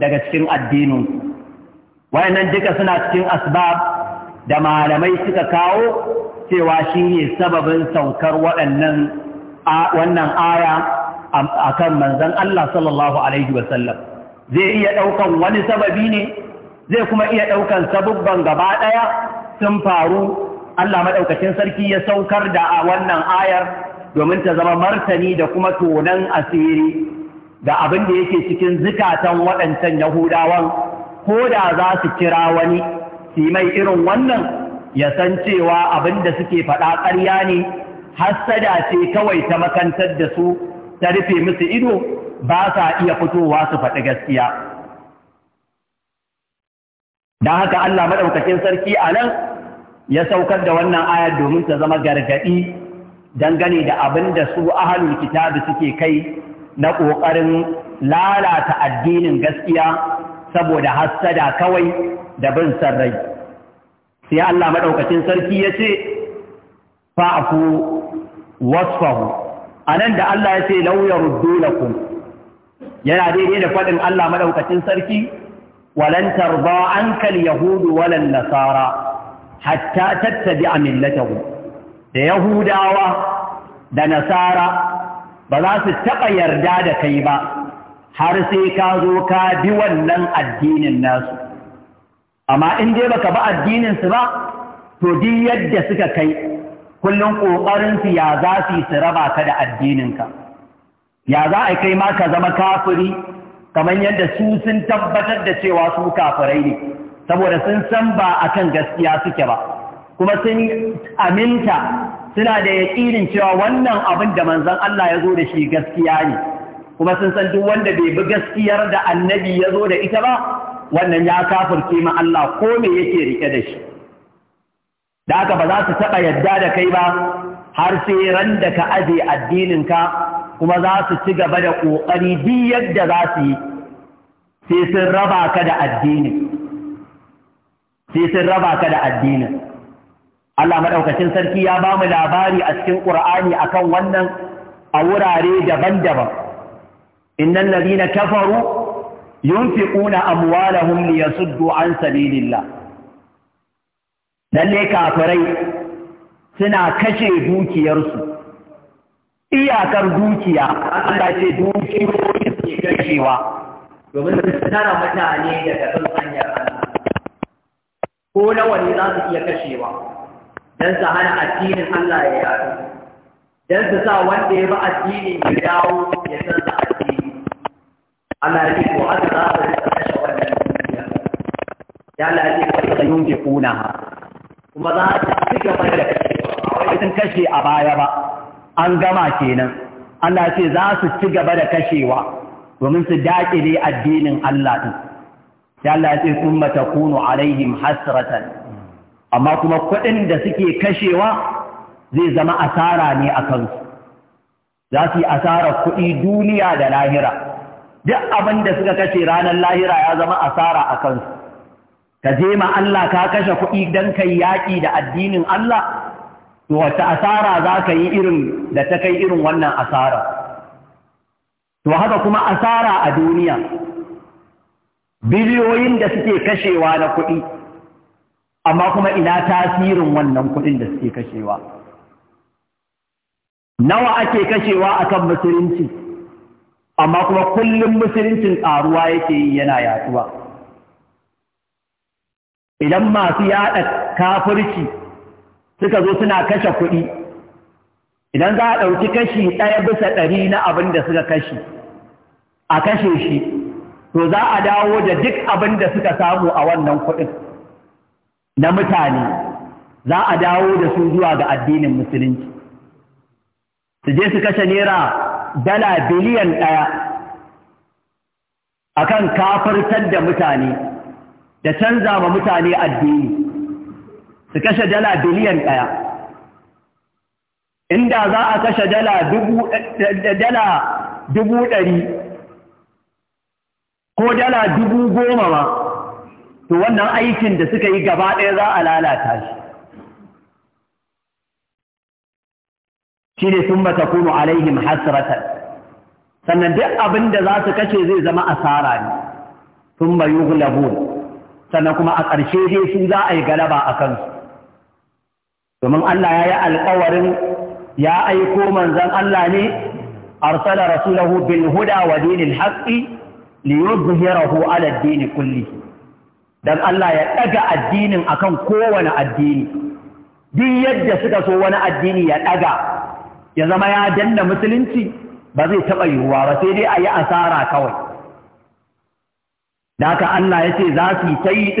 daga cikin addinin wayannan duka suna cikin asbab da malamai suka kawo cewa shi ne sababin saukar waɗannan wannan aya a kan manzan Allah sallallahu Alaihi wasallam zai iya ɗaukan wani sababi ne zai kuma iya ɗaukan sabubban gaba ɗaya sun faru Allah maɗaukacin sarki ya saukar da wannan ayar domin ta zama martani da kuma tonan asiri ga abin da yake cikin zikatan waɗancan Yahudawan ko da za su kira wani su mai irin wannan ya san cewa abin da suke faɗa ƙarya ne hassada ce kawai ta makantar da su ta rufe musu ido ba sa iya fitowa su faɗi gaskiya don haka Allah maɗaukakin sarki a nan ya saukar da wannan ayar domin ta zama gargaɗi dangane da abin da su ahalul kitabi suke kai na ƙoƙarin lalata addinin gaskiya saboda hassada kawai da bin sarrai sai Allah madaukakin sarki ya ce fa'fu wasfahu anan da Allah ya ce law yaruddulakum yana daidai da fadin Allah madaukakin sarki walan tarda anka alyahudu walan nasara hatta tattabi'a millatahum da yahudawa da nasara ba za su taɓa yarda da kai ba har sai ka zo ka bi wannan addinin nasu amma in dai baka bi addinin su ba to duk yadda suka kai kullum kokarin su ya za su su raba ka da addininka ya za a kai ma ka zama kafiri kamar yadda su sun tabbatar da cewa su kafirai ne saboda sun san ba akan gaskiya suke ba kuma sun aminta suna da yaƙinin cewa wannan abin da manzon Allah ya zo da shi gaskiya ne kuma sun san duk wanda bai bi gaskiyar da annabi ya zo da ita ba wannan ya kafirce ma Allah ko me yake rike da shi da haka ba za su taɓa yadda da kai ba har sai ran da ka aje addininka kuma za su ci gaba da ƙoƙari duk yadda za su yi sai sun raba ka da addinin sai sun raba ka da addinin Allah maɗaukacin sarki ya ba mu labari a cikin ƙur'ani akan wannan a wurare daban-daban innal ladina kafaru yunfiquna amwalahum liyasuddu an sabilillah lalle kafirai suna kashe dukiyarsu iyakar dukiya Allah ce dukiyoyi suke kashewa domin su tara mutane daga ko na za su iya kashewa don su hana addinin Allah ya yaɗu don su sa wanda ya bi addinin ya dawo ya san addini Allah ya ce ko aka za a kashe wannan dukiya ya Allah ya ce ko ta yunke kuna kuma za a ci gaba da kashe sun kashe a baya ba an gama kenan Allah ya ce za su ci gaba da kashewa domin su daƙi ne addinin Allah din sai Allah ya ce summa takunu alaihim hasratan amma kuma kuɗin da suke kashewa zai zama asara ne a kansu za su yi asarar kuɗi duniya da lahira duk abin da suka kashe ranar lahira ya zama asara a kansu ka je ma Allah ka kashe kuɗi don kai yaƙi da addinin Allah to wata asara za ka yi irin da ta kai irin wannan asara to haka kuma asara a duniya biliyoyin da suke kashewa na kuɗi amma kuma ina tasirin wannan kuɗin da suke kashewa nawa ake kashewa akan musulunci amma kuma kullum musuluncin ƙaruwa yake yi yana yaduwa idan masu yaɗa kafirci suka zo suna kashe kuɗi idan za a ɗauki kashi ɗaya bisa ɗari na abin da suka kashe a kashe shi to za a dawo da duk abin da suka samu a wannan kuɗin na mutane za a dawo da su zuwa ga addinin musulunci su je su kashe naira dala biliyan ɗaya akan kafirtar da mutane da canza ma mutane addini su kashe dala biliyan ɗaya inda za a kashe dala dubu ɗari ko dala dubu goma ba, to wannan aikin da suka yi gaba ɗaya za a lalata shi shi ne sun mata kunu alaihim hasratan sannan duk abin da za su kashe zai zama asara ne sun mayu sannan kuma a ƙarshe dai su za a yi galaba a kansu domin Allah ya yi alƙawarin ya aiko manzon Allah ne arsala rasulahu bil huda wa dinil haqqi li yuzhirahu ala ad-din kulli dan Allah ya daga addinin akan kowane addini duk yadda suka so wani addini ya daga ya zama ya danna musulunci ba zai taɓa yiwuwa ba sai dai a yi asara kawai da haka Allah ya ce za su yi ta yi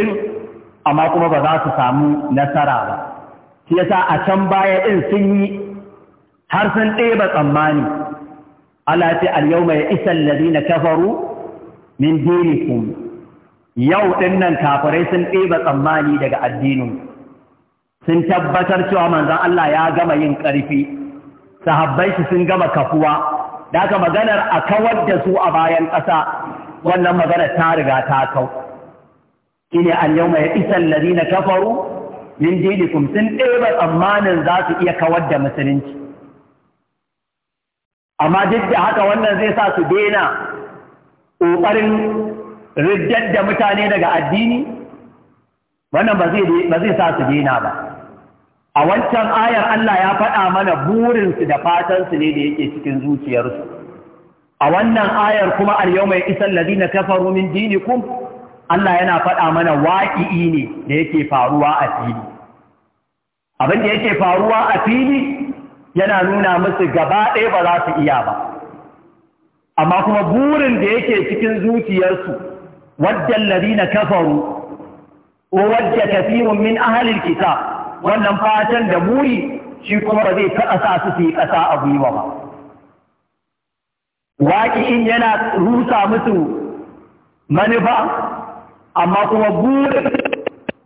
amma kuma ba za su samu nasara ba shi yasa a can baya ɗin sun yi har sun ɗeba tsammani Allah ya ce al-yawma ya alladhina kafaru min dinikum yau ɗin nan kafirai sun ɗeba tsammani daga addinin sun tabbatar cewa manzon Allah ya gama yin ƙarfi sahabbai shi sun gama kafuwa da aka maganar a kawar da su a bayan ƙasa wannan maganar ta riga ta kau shine an yau mai isan na kafaru min dinikum sun ɗeba tsammanin za su iya kawar da musulunci amma duk da haka wannan zai sa su daina ƙoƙarin riddar da mutane daga addini wannan ba zai sa su daina ba a wancan ayar Allah ya faɗa mana burinsu da fatansu ne da yake cikin zuciyarsu a wannan ayar kuma al-yau mai isan ladina kafaru min dinikum Allah yana faɗa mana waƙi'i ne da yake faruwa a fili abin da yake faruwa a fili yana nuna musu gaba ɗaya ba za su iya ba amma kuma burin da yake cikin zuciyarsu wadda ladina kafaru wa wadda kafirun min ahalil kitab wannan fatan da buri shi kuma ba zai taɓa sa su su yi ƙasa a gwiwa ba in yana rusa musu manufa amma kuma buɗe.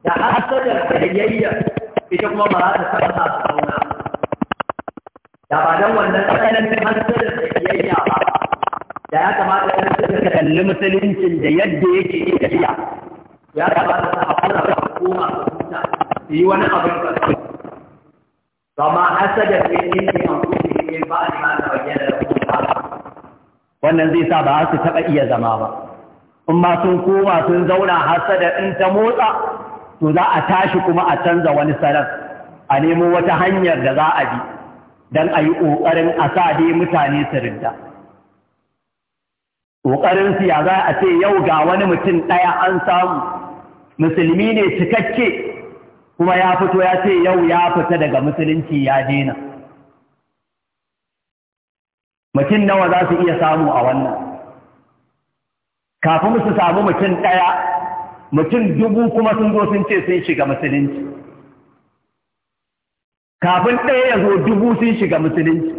da hasadar hayyayya ita kuma ba za ta taɓa sa su kauna da ba don wannan tsananin hasadar hayyayya ba da ya kamata ya ka kalli musuluncin da yadda yake iya ya kamata ta haƙura da hukuma ta yi wani abin da su kama ne ne ne an kuɗi ne ba a ma da bayyana da kuma wannan zai sa ba su taɓa iya zama ba in ma sun koma sun zauna da in ta motsa to za a tashi kuma a canza wani salon a nemo wata hanyar da za a bi don a yi ƙoƙarin a sa dai mutane su rinda ƙoƙarin ya za a ce yau ga wani mutum ɗaya an samu musulmi ne cikakke kuma ya fito ya ce yau ya fita daga musulunci ya dena mutum nawa za su iya samu a wannan kafin su samu mutum ɗaya mutum dubu kuma sun zo sun ce sun shiga musulunci kafin ɗaya ya zo dubu sun shiga musulunci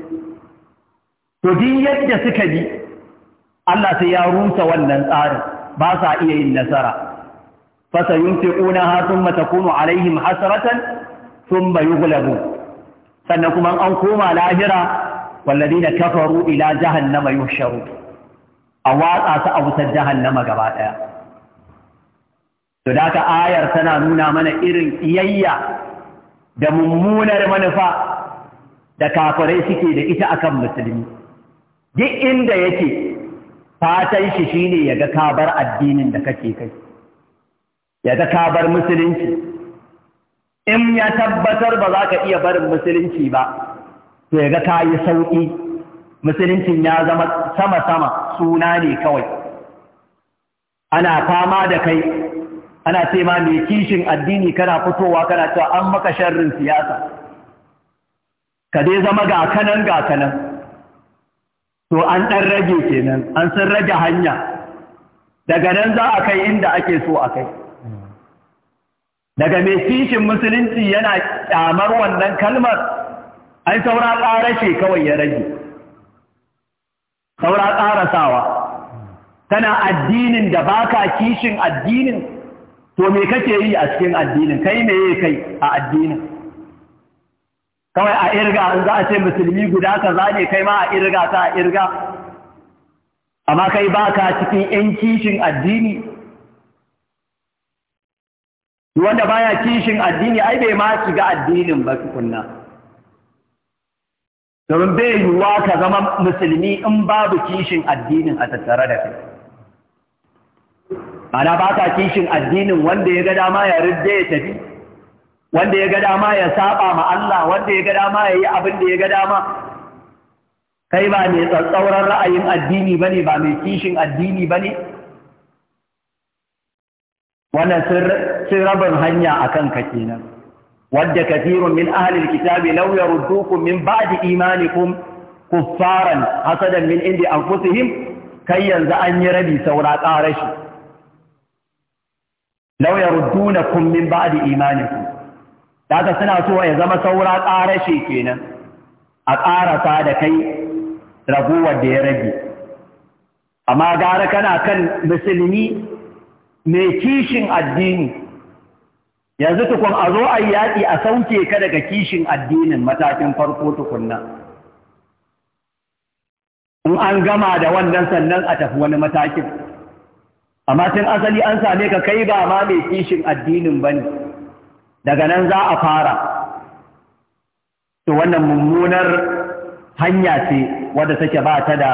to din yadda suka bi Allah sai ya rusa wannan tsarin ba sa iya yin nasara fasayunfiqunaha thumma takunu alaihim hasratan thumma yughlabu sannan kuma an koma lahira walladina kafaru ila jahannama yuhsharu a watsa su a wutar jahannama gaba daya to ayar tana nuna mana irin iyayya da mummunar manufa da kafirai suke da ita akan musulmi duk inda yake fatan shi shine yaga kabar addinin da kake kai ya ta ka bar musulunci in ya tabbatar ba za ka iya barin musulunci ba to ya ga ka yi sauƙi musuluncin ya zama sama-sama suna ne kawai ana fama da kai ana ce ma mai kishin addini kana fitowa kana cewa an maka sharrin siyasa ka dai zama ga kanan to an ɗan rage kenan an san rage hanya daga nan za a kai inda ake so a kai daga mai kishin musulunci yana kyamar wannan kalmar an saura ƙara ce kawai ya rage saura ƙara sawa tana addinin da baka kishin addinin to me kake yi a cikin addinin kai me kai a addinin kawai a irga in za a ce musulmi guda ka zane kai ma a irga ta a irga amma kai baka cikin 'yan kishin addini wanda baya kishin addini ai bai ma shiga addinin ba tukunna domin bai yiwuwa ka zama musulmi in babu kishin addinin a tattare da kai ana ba ka kishin addinin wanda ya ga dama ya rudda ya tafi wanda ya ga dama ya saba ma Allah wanda ya ga dama ya yi abin da ya ga dama kai ba mai tsatsauran ra'ayin addini bane ba mai kishin addini bane wannan sun rabin hanya a kanka kenan wadda kathirun min ahlil kitabi law yaruddukum min ba'di imanikum kuffaran hasadan min indi anfusihim kai yanzu an yi rabi saura ƙara shi law yaruddunakum min ba'di imanikum ta suna so ya zama saura ƙara shi kenan a ƙarasa da kai raguwar da ya rage amma gara kana kan musulmi mai kishin addini yanzu tukun a zo a yaƙi a sauke ka daga kishin addinin matakin farko tukunna in an gama da wannan sannan a tafi wani matakin amma tun asali an same ka kai ba ma mai kishin addinin ba ne daga nan za a fara to wannan mummunar hanya ce wadda take ba ta da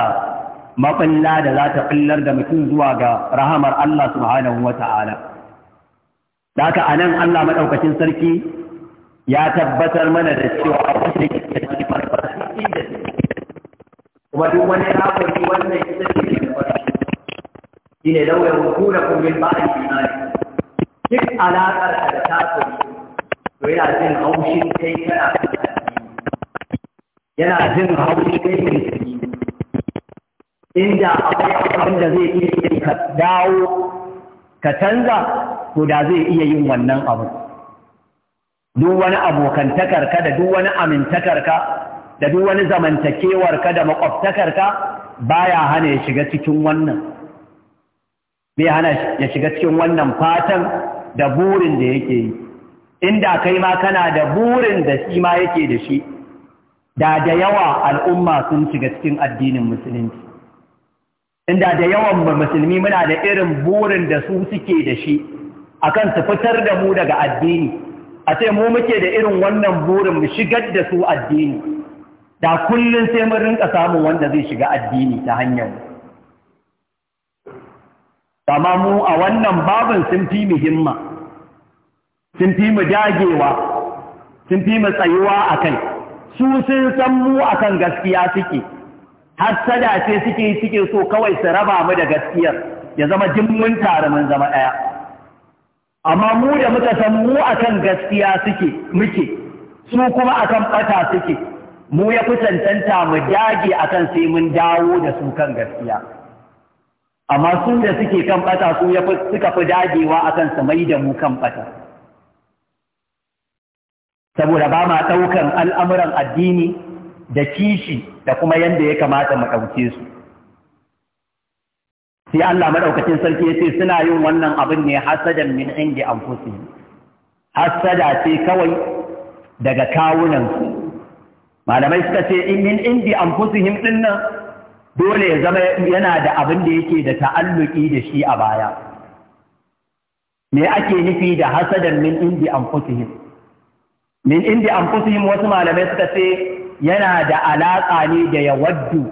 mafalla da za ta fillar da mutum zuwa ga rahamar Allah subhanahu wa ta'ala. Daka a nan Allah maɗaukacin sarki ya tabbatar mana da cewa a wasu da ke farfarsu da kuma duk wani rafari wannan ita ce da farfarsu shi ne lauyan hukuna kumbin ba'in imani. Duk alaƙar da ta kuri, to yana jin haushin kai kana yana jin haushin kai mai kai inda akwai abin da zai iya yi ka dawo ka canza to da zai iya yin wannan abu duk wani abokantakarka da duk wani amintakarka da duk wani zamantakewarka da makwabtakarka baya hana ya shiga cikin wannan bai hana ya shiga cikin wannan fatan da burin da yake yi inda kai ma kana da burin da shi ma yake da shi da da yawa al'umma sun shiga cikin addinin musulunci inda da yawan musulmi muna da irin burin da su suke da shi akan su fitar da mu daga addini a ce mu muke da irin wannan burin mu shigar da su addini da kullum sai mun rinka samun wanda zai shiga addini ta hanyar amma mu a wannan babin sun fi muhimma sun fi mu dagewa sun fi mu tsayuwa a kai su sun san mu akan gaskiya suke hassada ce suke suke so kawai su raba mu da gaskiyar ya zama jimmin tare mun zama ɗaya amma mu da muka san mu akan gaskiya suke muke su kuma akan ɓata suke mu ya fi cancanta mu dage akan sai mun dawo da su kan gaskiya amma su da suke kan ɓata su ya suka fi dagewa akan su mai da mu kan ɓata saboda ba ma ɗaukan al'amuran addini da kishi da kuma yanda ya kamata mu ɗauke su sai Allah madaukakin sarki ya ce suna yin wannan abin ne hasadan min indi anfusihim hasada ce kawai daga kawunan su malamai suka ce in min indi anfusihim din dole ya zama yana da abin da yake da ta'alluki da shi a baya me ake nufi da hasadan min indi anfusihim min indi anfusihim wasu malamai suka ce yana da alaƙa ne da ya waddu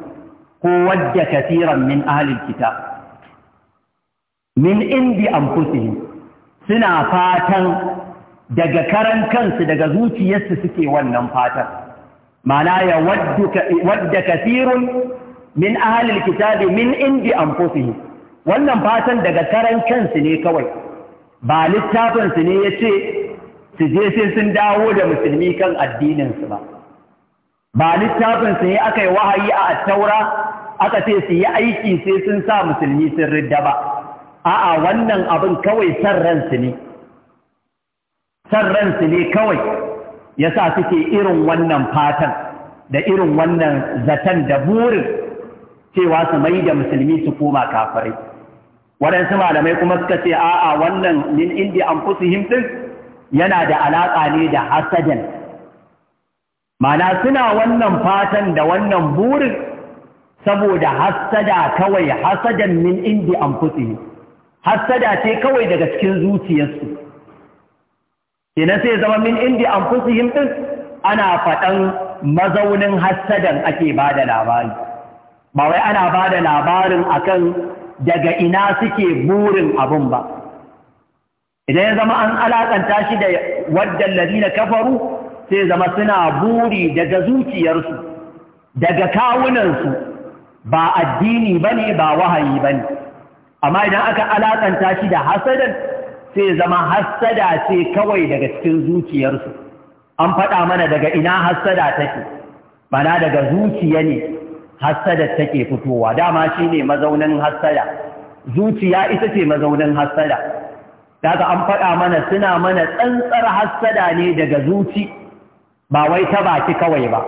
ko wadda kafiran min ahalin kita min indi anfusihim suna fatan daga karan kansu daga zuciyarsu suke wannan fatan mana ya wadda kasirun min ahalil kitabi min indi an anfusihim wannan fatan daga karan kansu ne kawai ba littafinsu ne ya ce su je sai sun dawo da musulmi kan addininsu ba ba littafin sai aka yi wahayi a taura aka ce su yi aiki sai sun sa musulmi sun ridda ba a'a wannan abin kawai san ransu ne san ransu ne kawai ya sa suke irin wannan fatan da irin wannan zaton da burin cewa su mai da musulmi su koma kafirai waɗansu malamai kuma suka ce a'a wannan min indi an fusu yana da alaƙa ne da hasadan mana suna wannan fatan da wannan burin saboda hassada kawai hasadan min indi anfusihim hassada ce kawai daga cikin zuciyarsu Ina sai zama min indi anfusihim din ana faɗan mazaunin hassadan ake bada labari ba wai ana bada labarin akan daga ina suke burin abun ba idan ya zama an alakanta shi da waddan ladina kafaru sai zama suna buri daga zuciyarsu daga kawunansu ba addini bane ba wahayi bane amma idan aka alakanta shi da hasada, sai zama hasada ce kawai daga cikin zuciyarsu an faɗa mana daga ina hasada take bana daga zuciya ne hasada take fitowa dama shi ne mazaunin hasada zuciya ita ce mazaunin hasada daga an faɗa mana suna mana tsantsar hasada ne daga zuci ba wai ta baki kawai ba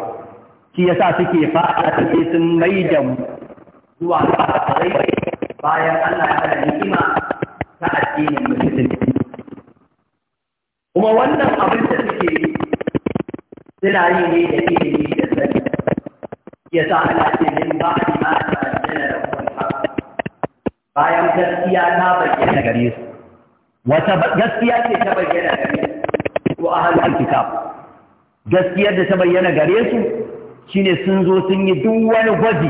shi yasa suke fara take sun mai da zuwa ga bayan Allah ya da ni'ima ta addinin musulunci kuma wannan abin da suke suna yi ne da ilimi da sani yasa Allah ce min ba a ma ta jana da bayan gaskiya ta bayyana gare su wata gaskiya ce ta bayyana gare su ko hannun kitab gaskiyar da ta bayyana gare su shine sun zo sun yi duk wani gwaji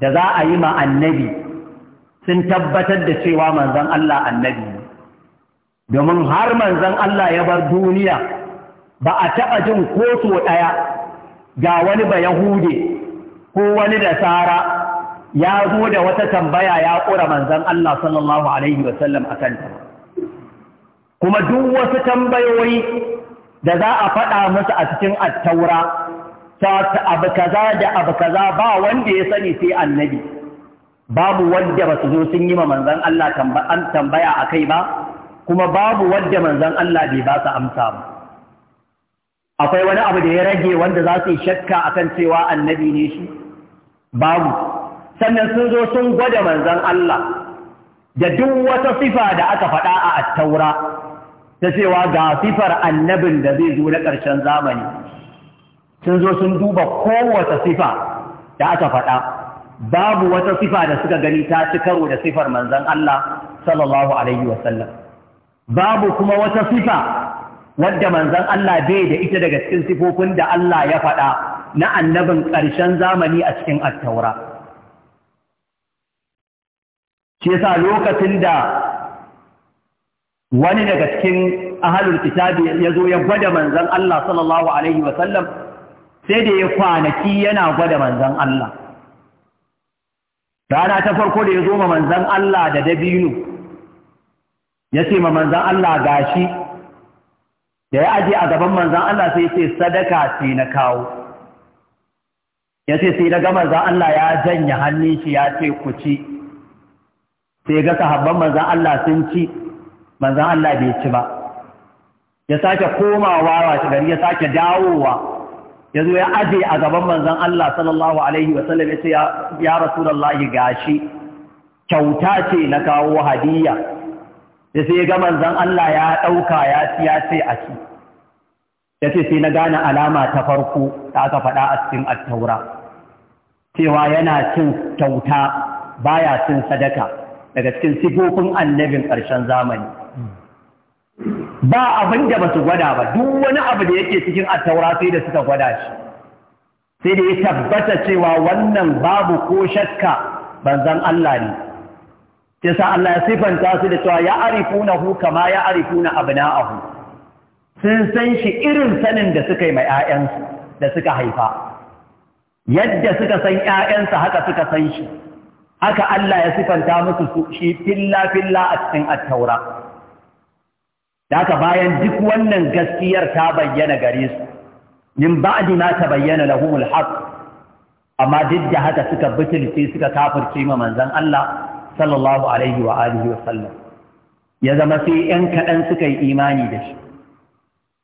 da za a yi ma annabi sun tabbatar da cewa manzon Allah annabi ne domin har manzon Allah ya bar duniya ba a taɓa jin kotu ɗaya ga wani ba Yahude ko wani da Sara ya zo da wata tambaya ya ƙura manzan Allah sallallahu Alaihi wasallam a kanta. Kuma duk wasu tambayoyi da za a faɗa musu a cikin attaura ta abu kaza da abu kaza ba wanda ya sani sai annabi babu wanda ba su zo sun yi ma manzan Allah an tambaya a kai ba kuma babu wanda manzan Allah bai ba su amsa ba akwai wani abu da ya rage wanda za su yi shakka akan cewa annabi ne shi babu sannan sun zo sun gwada manzan Allah da duk wata sifa da aka faɗa a attaura ta cewa ga sifar annabin da zai zo na ƙarshen zamani sun zo sun duba kowace sifa da aka faɗa babu wata sifa da suka gani ta ci karo da sifar manzan Allah sallallahu alaihi wasallam babu kuma wata sifa wadda manzon Allah bai da ita daga cikin sifofin da Allah ya faɗa na annabin ƙarshen zamani a cikin attaura shi yasa lokacin da wani daga cikin ahalul kitabi ya zo ya gwada manzan Allah sallallahu Alaihi wasallam sai da ya kwanaki yana gwada manzan Allah. Rana ta farko da ya zo ma manzan Allah da dabino, ya ce ma manzan Allah gashi, da ya aje a gaban manzan Allah sai ce sadaka sai na kawo. Ya ce sai na ga manzan Allah ya janye hannun shi ya ce ku ci, sai ga sahabban manzan Allah sun ci. manzan Allah bai ci ba ya sake komawa wace gari ya sake dawowa ya zo ya aje a gaban manzan Allah sallallahu alaihi wasallam ya ce ya rasulallahi gashi kyauta ce na kawo hadiyya ya sai ga manzan Allah ya ɗauka ya ci ce a ci ya ce sai na gane alama ta farko ta aka faɗa a cikin attaura cewa yana cin kyauta baya cin sadaka daga cikin sifofin annabin ƙarshen zamani ba abin da ba su gwada ba duk wani abu da yake cikin attaura sai da suka gwada shi sai da ya tabbata cewa wannan babu ko shakka banzan Allah ne sai sa Allah ya sifanta su da cewa ya na hu kama ya abu na'ahu sun san shi irin sanin da suka yi mai 'ya'yansu da suka haifa yadda suka san 'ya'yansa haka suka san shi haka Allah ya sifanta musu shi filla filla a cikin attaura da haka bayan duk wannan gaskiyar ta bayyana gare su min ba'di ma tabayyana lahumul haq. amma duk da haka suka butulce suka kafirce ma manzan Allah sallallahu alaihi wa alihi wa sallam ya zama sai 'yan kaɗan suka yi imani da shi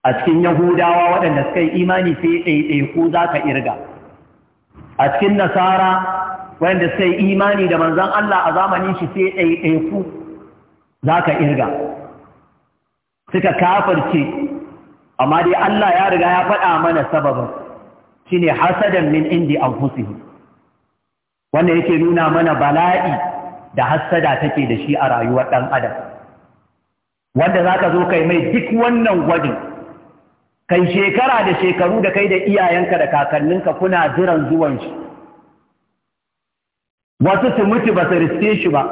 a cikin yahudawa waɗanda suka yi imani sai ku za ka irga a cikin nasara waɗanda suka yi imani da manzan Allah a zamanin shi sai ku za ka irga suka kafarce amma dai Allah ya riga ya faɗa mana sababin shine hasadan min indi an anfusihim wannan yake nuna mana bala'i da hasada take da shi a rayuwar ɗan adam wanda za ka zo kai mai duk wannan gwajin kai shekara da shekaru da kai da iyayenka da kakanninka kuna jiran zuwan shi wasu su mutu ba su riske shi ba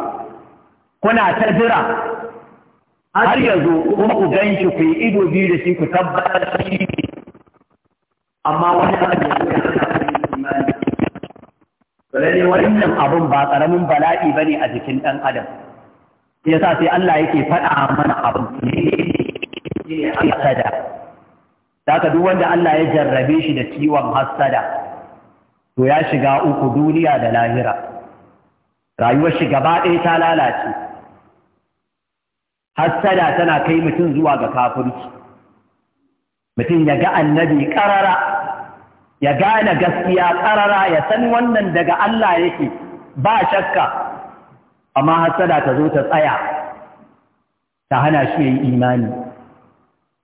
kuna ta jira har yanzu kuma ku gan shi ku yi ido biyu da shi ku tabbatar shi amma wani abu da ya imani ne wannan abun ba karamin bala'i ba ne a jikin ɗan adam Ya sa sai Allah yake faɗa mana abun ne hasada ka duk wanda Allah ya jarrabe shi da ciwon hasada to ya shiga uku duniya da lahira rayuwar shi gaba ɗaya ta lalace hassada tana kai mutum zuwa ga kafirci mutum ya ga annabi ƙarara ya gane gaskiya ƙarara ya san wannan daga Allah yake ba shakka amma hassada ta zo ta tsaya ta hana shi yi imani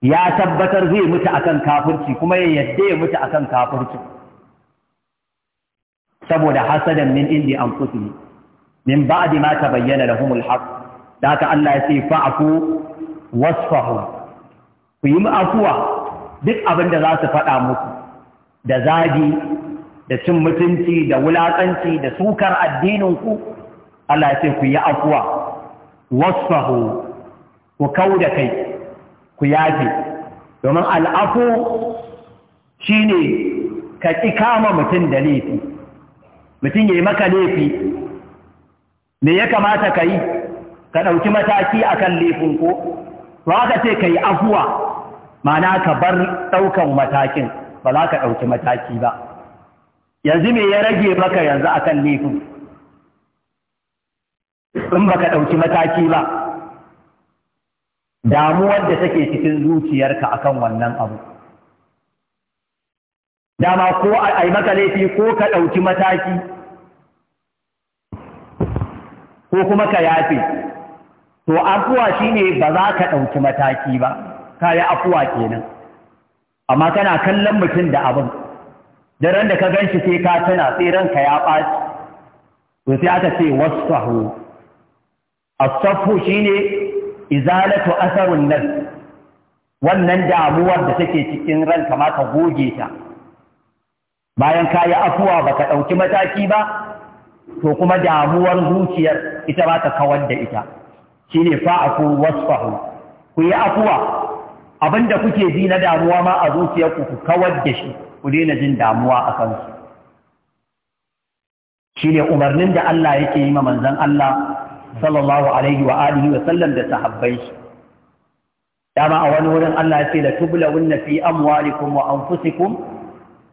ya tabbatar zai mutu akan kafirci kuma ya yadda ya mutu akan kafirci saboda hasadan min indi anfusihim min ba'di ma ta bayyana da lahumul haqq da haka Allah ya ce fa'afu wasfahu ku yi afuwa duk abin da za su faɗa muku da zagi da cin mutunci da wulaƙanci da sukar addininku Allah ya ce ku yi afuwa wasfahu ku kau da kai ku yafe domin al'afu shi ne ka ƙi kama mutum da laifi mutum ya yi maka laifi me ya kamata ka yi ka ɗauki mataki a kan laifin ko ba ka ce ka yi afuwa mana ka bar ɗaukan matakin ba za ka ɗauki mataki ba yanzu me ya rage maka yanzu a kan laifin in ba ka ɗauki mataki ba damuwar da take cikin zuciyarka akan wannan abu dama ko a yi maka laifi ko ka ɗauki mataki ko kuma ka yafe to afuwa shi ne ba za ka ɗauki mataki ba ka yi afuwa kenan amma kana kallon mutum da abin Daren da ka ganshi sai ka tana tseren ka ya ɓaci to sai aka ce wasahu as shi ne izalatu asarun nas wannan damuwar da take cikin ranka ma ka goge ta bayan ka yi afuwa ba ka ɗauki mataki ba to kuma damuwar zuciyar ita ba ta kawar da ita shine fa'afu wasfahu ku yi afuwa abinda kuke ji na damuwa ma a zuciyarku ku kawar da shi ku daina jin damuwa a kansu ne umarnin da Allah yake yi ma manzon Allah sallallahu alaihi wa alihi wa sallam da sahabbai shi dama a wani wurin Allah ya ce la tublawunna fi amwalikum wa anfusikum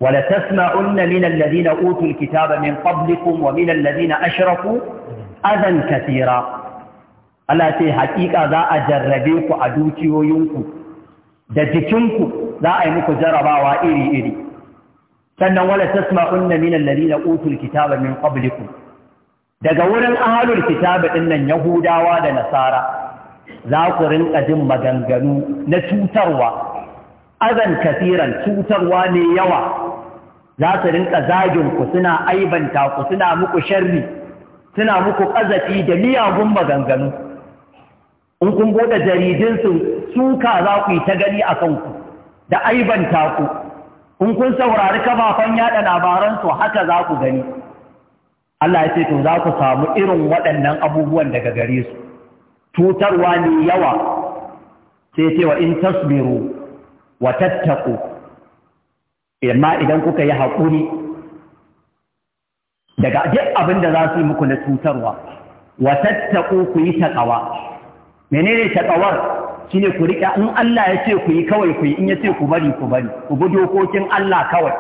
wa la tasma'unna min alladhina utul kitaba min qablikum wa min alladhina ashraku adan kathira Allah ce haƙiƙa za a jarrabe ku a dukiyoyinku da jikinku za a yi muku jarrabawa iri-iri sannan wala tasma'unna min alladhina utul kitaba min qablikum daga wurin ahlul kitaba ɗin nan yahudawa da nasara za ku rinƙa jin maganganu na cutarwa azan kasiran cutarwa ne yawa za su rinƙa zagin ku suna aibanta ku suna muku sharri suna muku ƙazafi da miyagun maganganu in kun bude jaridinsu suka za ku yi ta gani a kanku da aibanta ku in kun saurari kafafen yada labaransu haka za ku gani Allah ya ce to za ku samu irin waɗannan abubuwan daga gare su Tutarwa ne yawa sai ce wa in tasbiru wa tattaku amma idan kuka yi haƙuri daga duk abin da za su yi muku na tutarwa, wa tattaku ku yi taƙawa menene taƙawar shi ne ku riƙa in Allah ya ce ku yi kawai ku yi in ya ce ku bari ku bari ku bi dokokin Allah kawai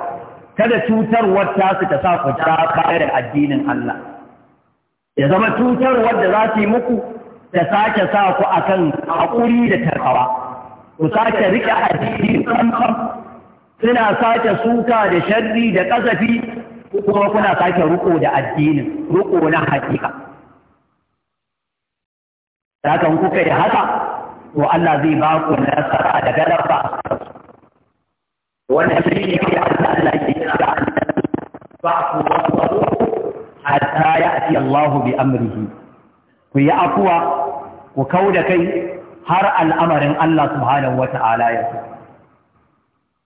kada cutarwar ta su ta sa ku ta bayar addinin Allah ya zama cutarwar da za su yi muku ta sake sa ku a kan haƙuri da tarawa ku sake riƙe addinin kankan suna sake suka da sharri da ƙasafi kuma kuna sake riƙo da addinin riƙo na haƙiƙa da haka kuka yi haka to Allah zai ba ku nasara da galaba wannan shi ne ke Allah Allah ke kira ba ku wasu hatta ya ati Allah bi amrihi ku yi afuwa ku kau da kai har al'amarin Allah subhanahu wa ta'ala ya so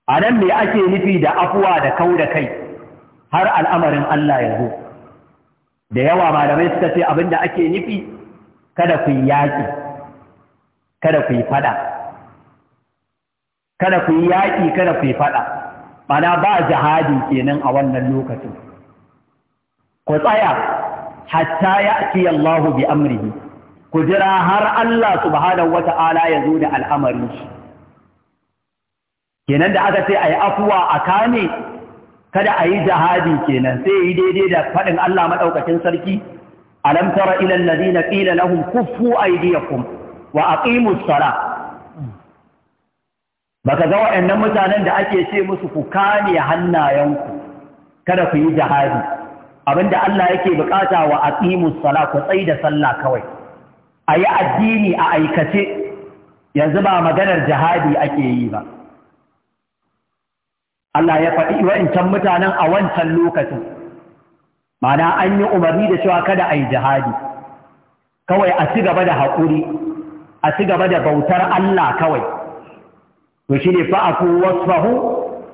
a nan me ake nufi da afuwa da kau da kai har al'amarin Allah ya zo da yawa malamai suka ce abinda ake nufi kada ku yi yaƙi kada ku yi faɗa kada ku yi yaƙi kada ku yi faɗa mana ba jihadi kenan a wannan lokacin ku tsaya hatta ya ci Allahu bi amrihi ku jira har Allah subhanahu wata'ala ya zo da al'amarin shi kenan da aka ce a yi afuwa a kame kada a yi jihadi kenan sai yi daidai da faɗin Allah maɗaukacin sarki alam tara ila alladhina qila lahum kuffu aydiyakum wa aqimus Sala. baka ga waɗannan mutanen da ake ce musu ku kame hannayenku kada ku yi jihadi abinda Allah yake bukata wa aqimus sala ku tsai da sallah kawai ayi addini a aikace yanzu ba maganar jihadi ake yi ba Allah ya faɗi wa'incan mutanen a wancan lokacin Ma'ana an yi umarni da cewa kada a yi jihadi kawai a ci gaba da haƙuri a ci gaba da bautar Allah kawai to shi ne fa'aku wasfahu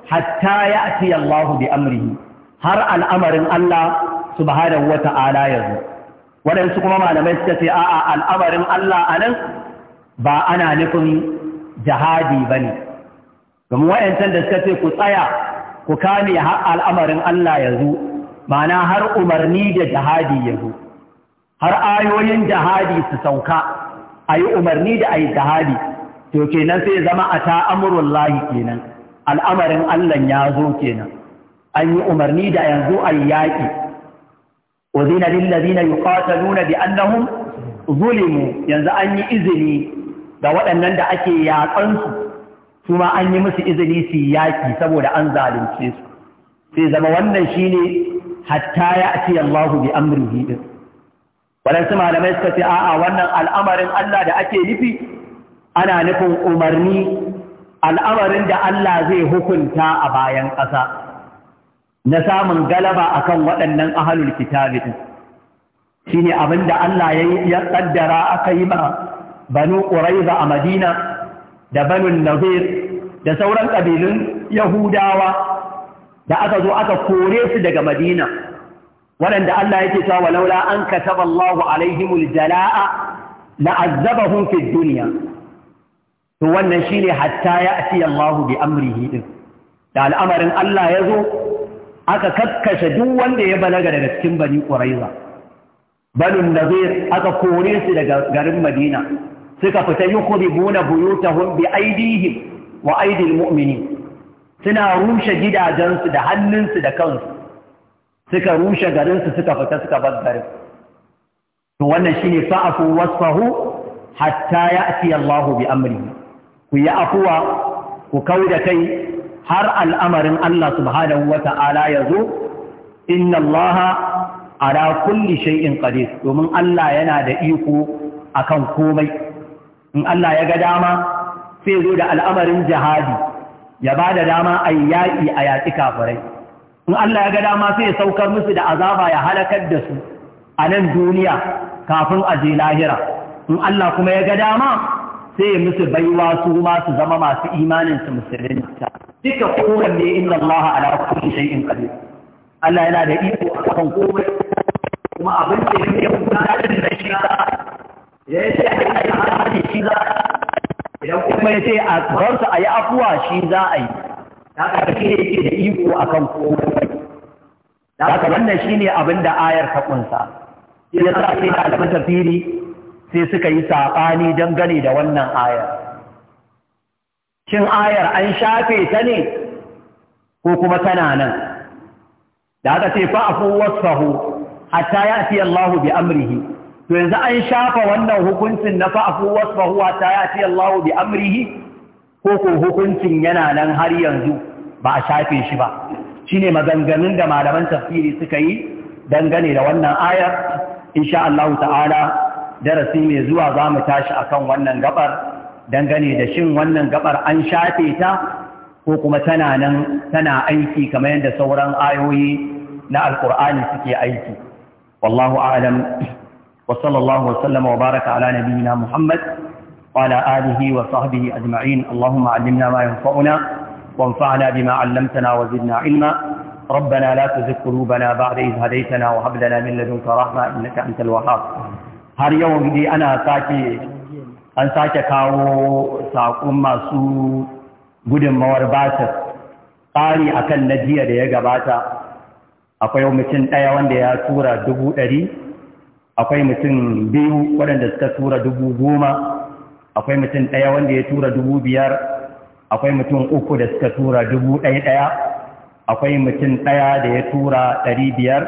hatta ya allahu Allah bi amrihi har al'amarin Allah subhanahu wata'ala ta'ala ya zo waɗansu kuma malamai suka ce a'a al'amarin Allah a nan ba ana nufin jihadi ba ne domin wayancan da suka ce ku tsaya ku kame al'amarin Allah ya zo ma'ana har umarni da jihadi ya zo har ayoyin jihadi su sauka a yi umarni da a yi jihadi to kenan sai zama a ta'amurin lahi kenan al'amarin Allah ya zo kenan an yi umarni da yanzu a yi yaƙi yi lillazina nuna bi annahum zulimu yanzu an yi izini ga waɗannan da ake yaƙansu su ma an yi musu izini su yi yaƙi saboda an zalunce su sai zama wannan shi ne. hatta ya ce Allahu bi amrihi din waɗansu malamai suka ce a'a wannan al'amarin Allah da ake nufi ana nufin umarni al'amarin da Allah zai hukunta a bayan ƙasa na samun galaba akan waɗannan ahalul kitabi din shine abin da Allah ya kaddara aka yi ma banu ƙuraiza a Madina da banu Nazir da sauran ƙabilun Yahudawa da aka zo aka kore su daga madina waɗanda Allah yake cewa walaula an kataba Allahu alaihimul jala'a la'azzabahum fid dunya to wannan shine hatta ya'ti Allahu bi amrihi din da al'amarin Allah ya zo aka kakkashe duk wanda ya balaga daga cikin bani Quraiza banun nazir aka kore su daga garin Madina suka fita yukhribuna buyutahum bi aidihim wa aydil mu'minin suna rushe gidajensu da hannunsu da kansu suka rushe garinsu suka fita suka bar garin to wannan shine fa'afu wasfahu hatta ya'ti Allahu bi amri ku yi afuwa ku kauda kai har al'amarin Allah subhanahu wata'ala ya zo inna Allah ala kulli shay'in qadir domin Allah yana da iko akan komai in Allah ya ga dama sai zo da al'amarin jihadi ya ba da dama a yaƙi a yaƙi kafirai in Allah ya ga dama sai ya saukar musu da azaba ya halakar da su a nan duniya kafin a je lahira in Allah kuma ya ga dama sai ya musu baiwa su ma su zama masu imanin su musulunta duka kowanne inna Allah ala kulli shay'in qadir Allah yana da iko a kan komai kuma abin da yake da shi ya ce a yi shi za idan kuma ya ce a bar su a yi afuwa shi za a yi haka shi ne yake da iko akan komai haka wannan shine abin da ayar ta kunsa sai ya sa sai malaman tafsiri sai suka yi saɓani dangane da wannan ayar shin ayar an shafe ta ne ko kuma tana nan da aka ce fa'afu wasfahu hatta ya fi Allah bi amrihi to yanzu an shafa wannan hukuncin na fa'afu wasfahu ta fiye Allahu bi amrihi ko ko hukuncin yana nan har yanzu ba a shafe shi ba Shi ne maganganun da malaman tafsiri suka yi dangane da wannan ayar insha Allah ta'ala darasi mai zuwa za mu tashi kan wannan gabar dangane da shin wannan gabar an shafe ta ko kuma tana nan tana aiki kamar yadda sauran ayoyi na alkur'ani suke aiki wallahu a'lam وصلى الله وسلم وبارك على نبينا محمد وعلى آله وصحبه أجمعين اللهم علمنا ما ينفعنا وانفعنا بما علمتنا وزدنا علما ربنا لا تزغ قلوبنا بعد إذ هديتنا وهب لنا من لدنك رحمة إنك أنت الوهاب har yau dai ana sake an sake kawo saƙon masu gudunmawar batir tsari akan na jiya da ya gabata akwai mutum ɗaya wanda ya tura dubu ɗari akwai mutum biyu waɗanda suka tura dubu goma akwai mutum ɗaya wanda ya tura dubu biyar akwai mutum uku da suka tura dubu ɗaya ɗaya akwai mutum ɗaya da ya tura ɗari biyar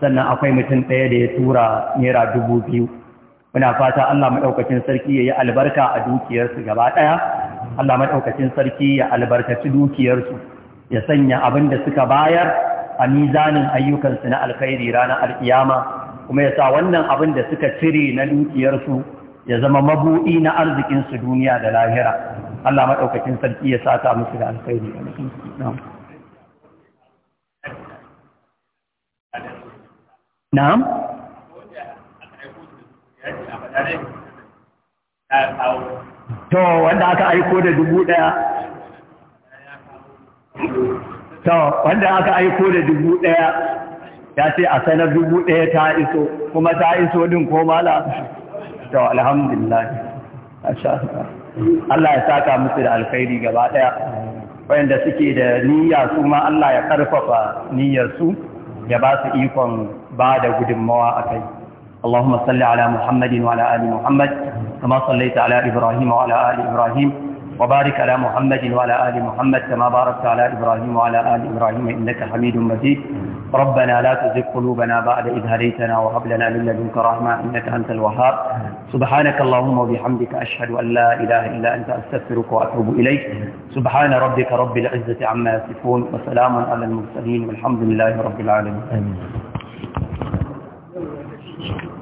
sannan akwai mutum ɗaya da ya tura naira dubu biyu muna fata Allah maɗaukacin sarki ya yi albarka a dukiyarsu gaba ɗaya Allah maɗaukacin sarki ya albarkaci dukiyarsu ya sanya abin da suka bayar a mizanin ayyukansu na alkhairi ranar alkiyama kuma ya sa wannan abin da suka cire na dukiyarsu ya zama mabu'i na arzikinsu duniya da lahira Allah maɗaukakin sarki ya sata musu da alkhairi na'am to wanda aka aiko da dubu ɗaya to wanda aka aiko da dubu ɗaya ya ce a sanar dubu ɗaya ta iso kuma ta iso din ko mala to alhamdulillah Allah ya saka musu da alkhairi gaba ɗaya wayanda suke da niyya su ma Allah ya karfafa niyyarsu ya ba su ikon ba da gudunmawa a kai اللهم صل على محمد وعلى آل محمد كما صليت على إبراهيم وعلى آل إبراهيم وبارك على محمد وعلى آل محمد كما باركت على إبراهيم وعلى آل إبراهيم إنك حميد مجيد ربنا لا تزغ قلوبنا بعد إذ هديتنا وهب لنا من لدنك رحمة إنك أنت الوهاب سبحانك اللهم وبحمدك أشهد أن لا إله إلا أنت أستغفرك وأتوب إليك سبحان ربك رب العزة عما يصفون وسلام على المرسلين والحمد لله رب العالمين آمين.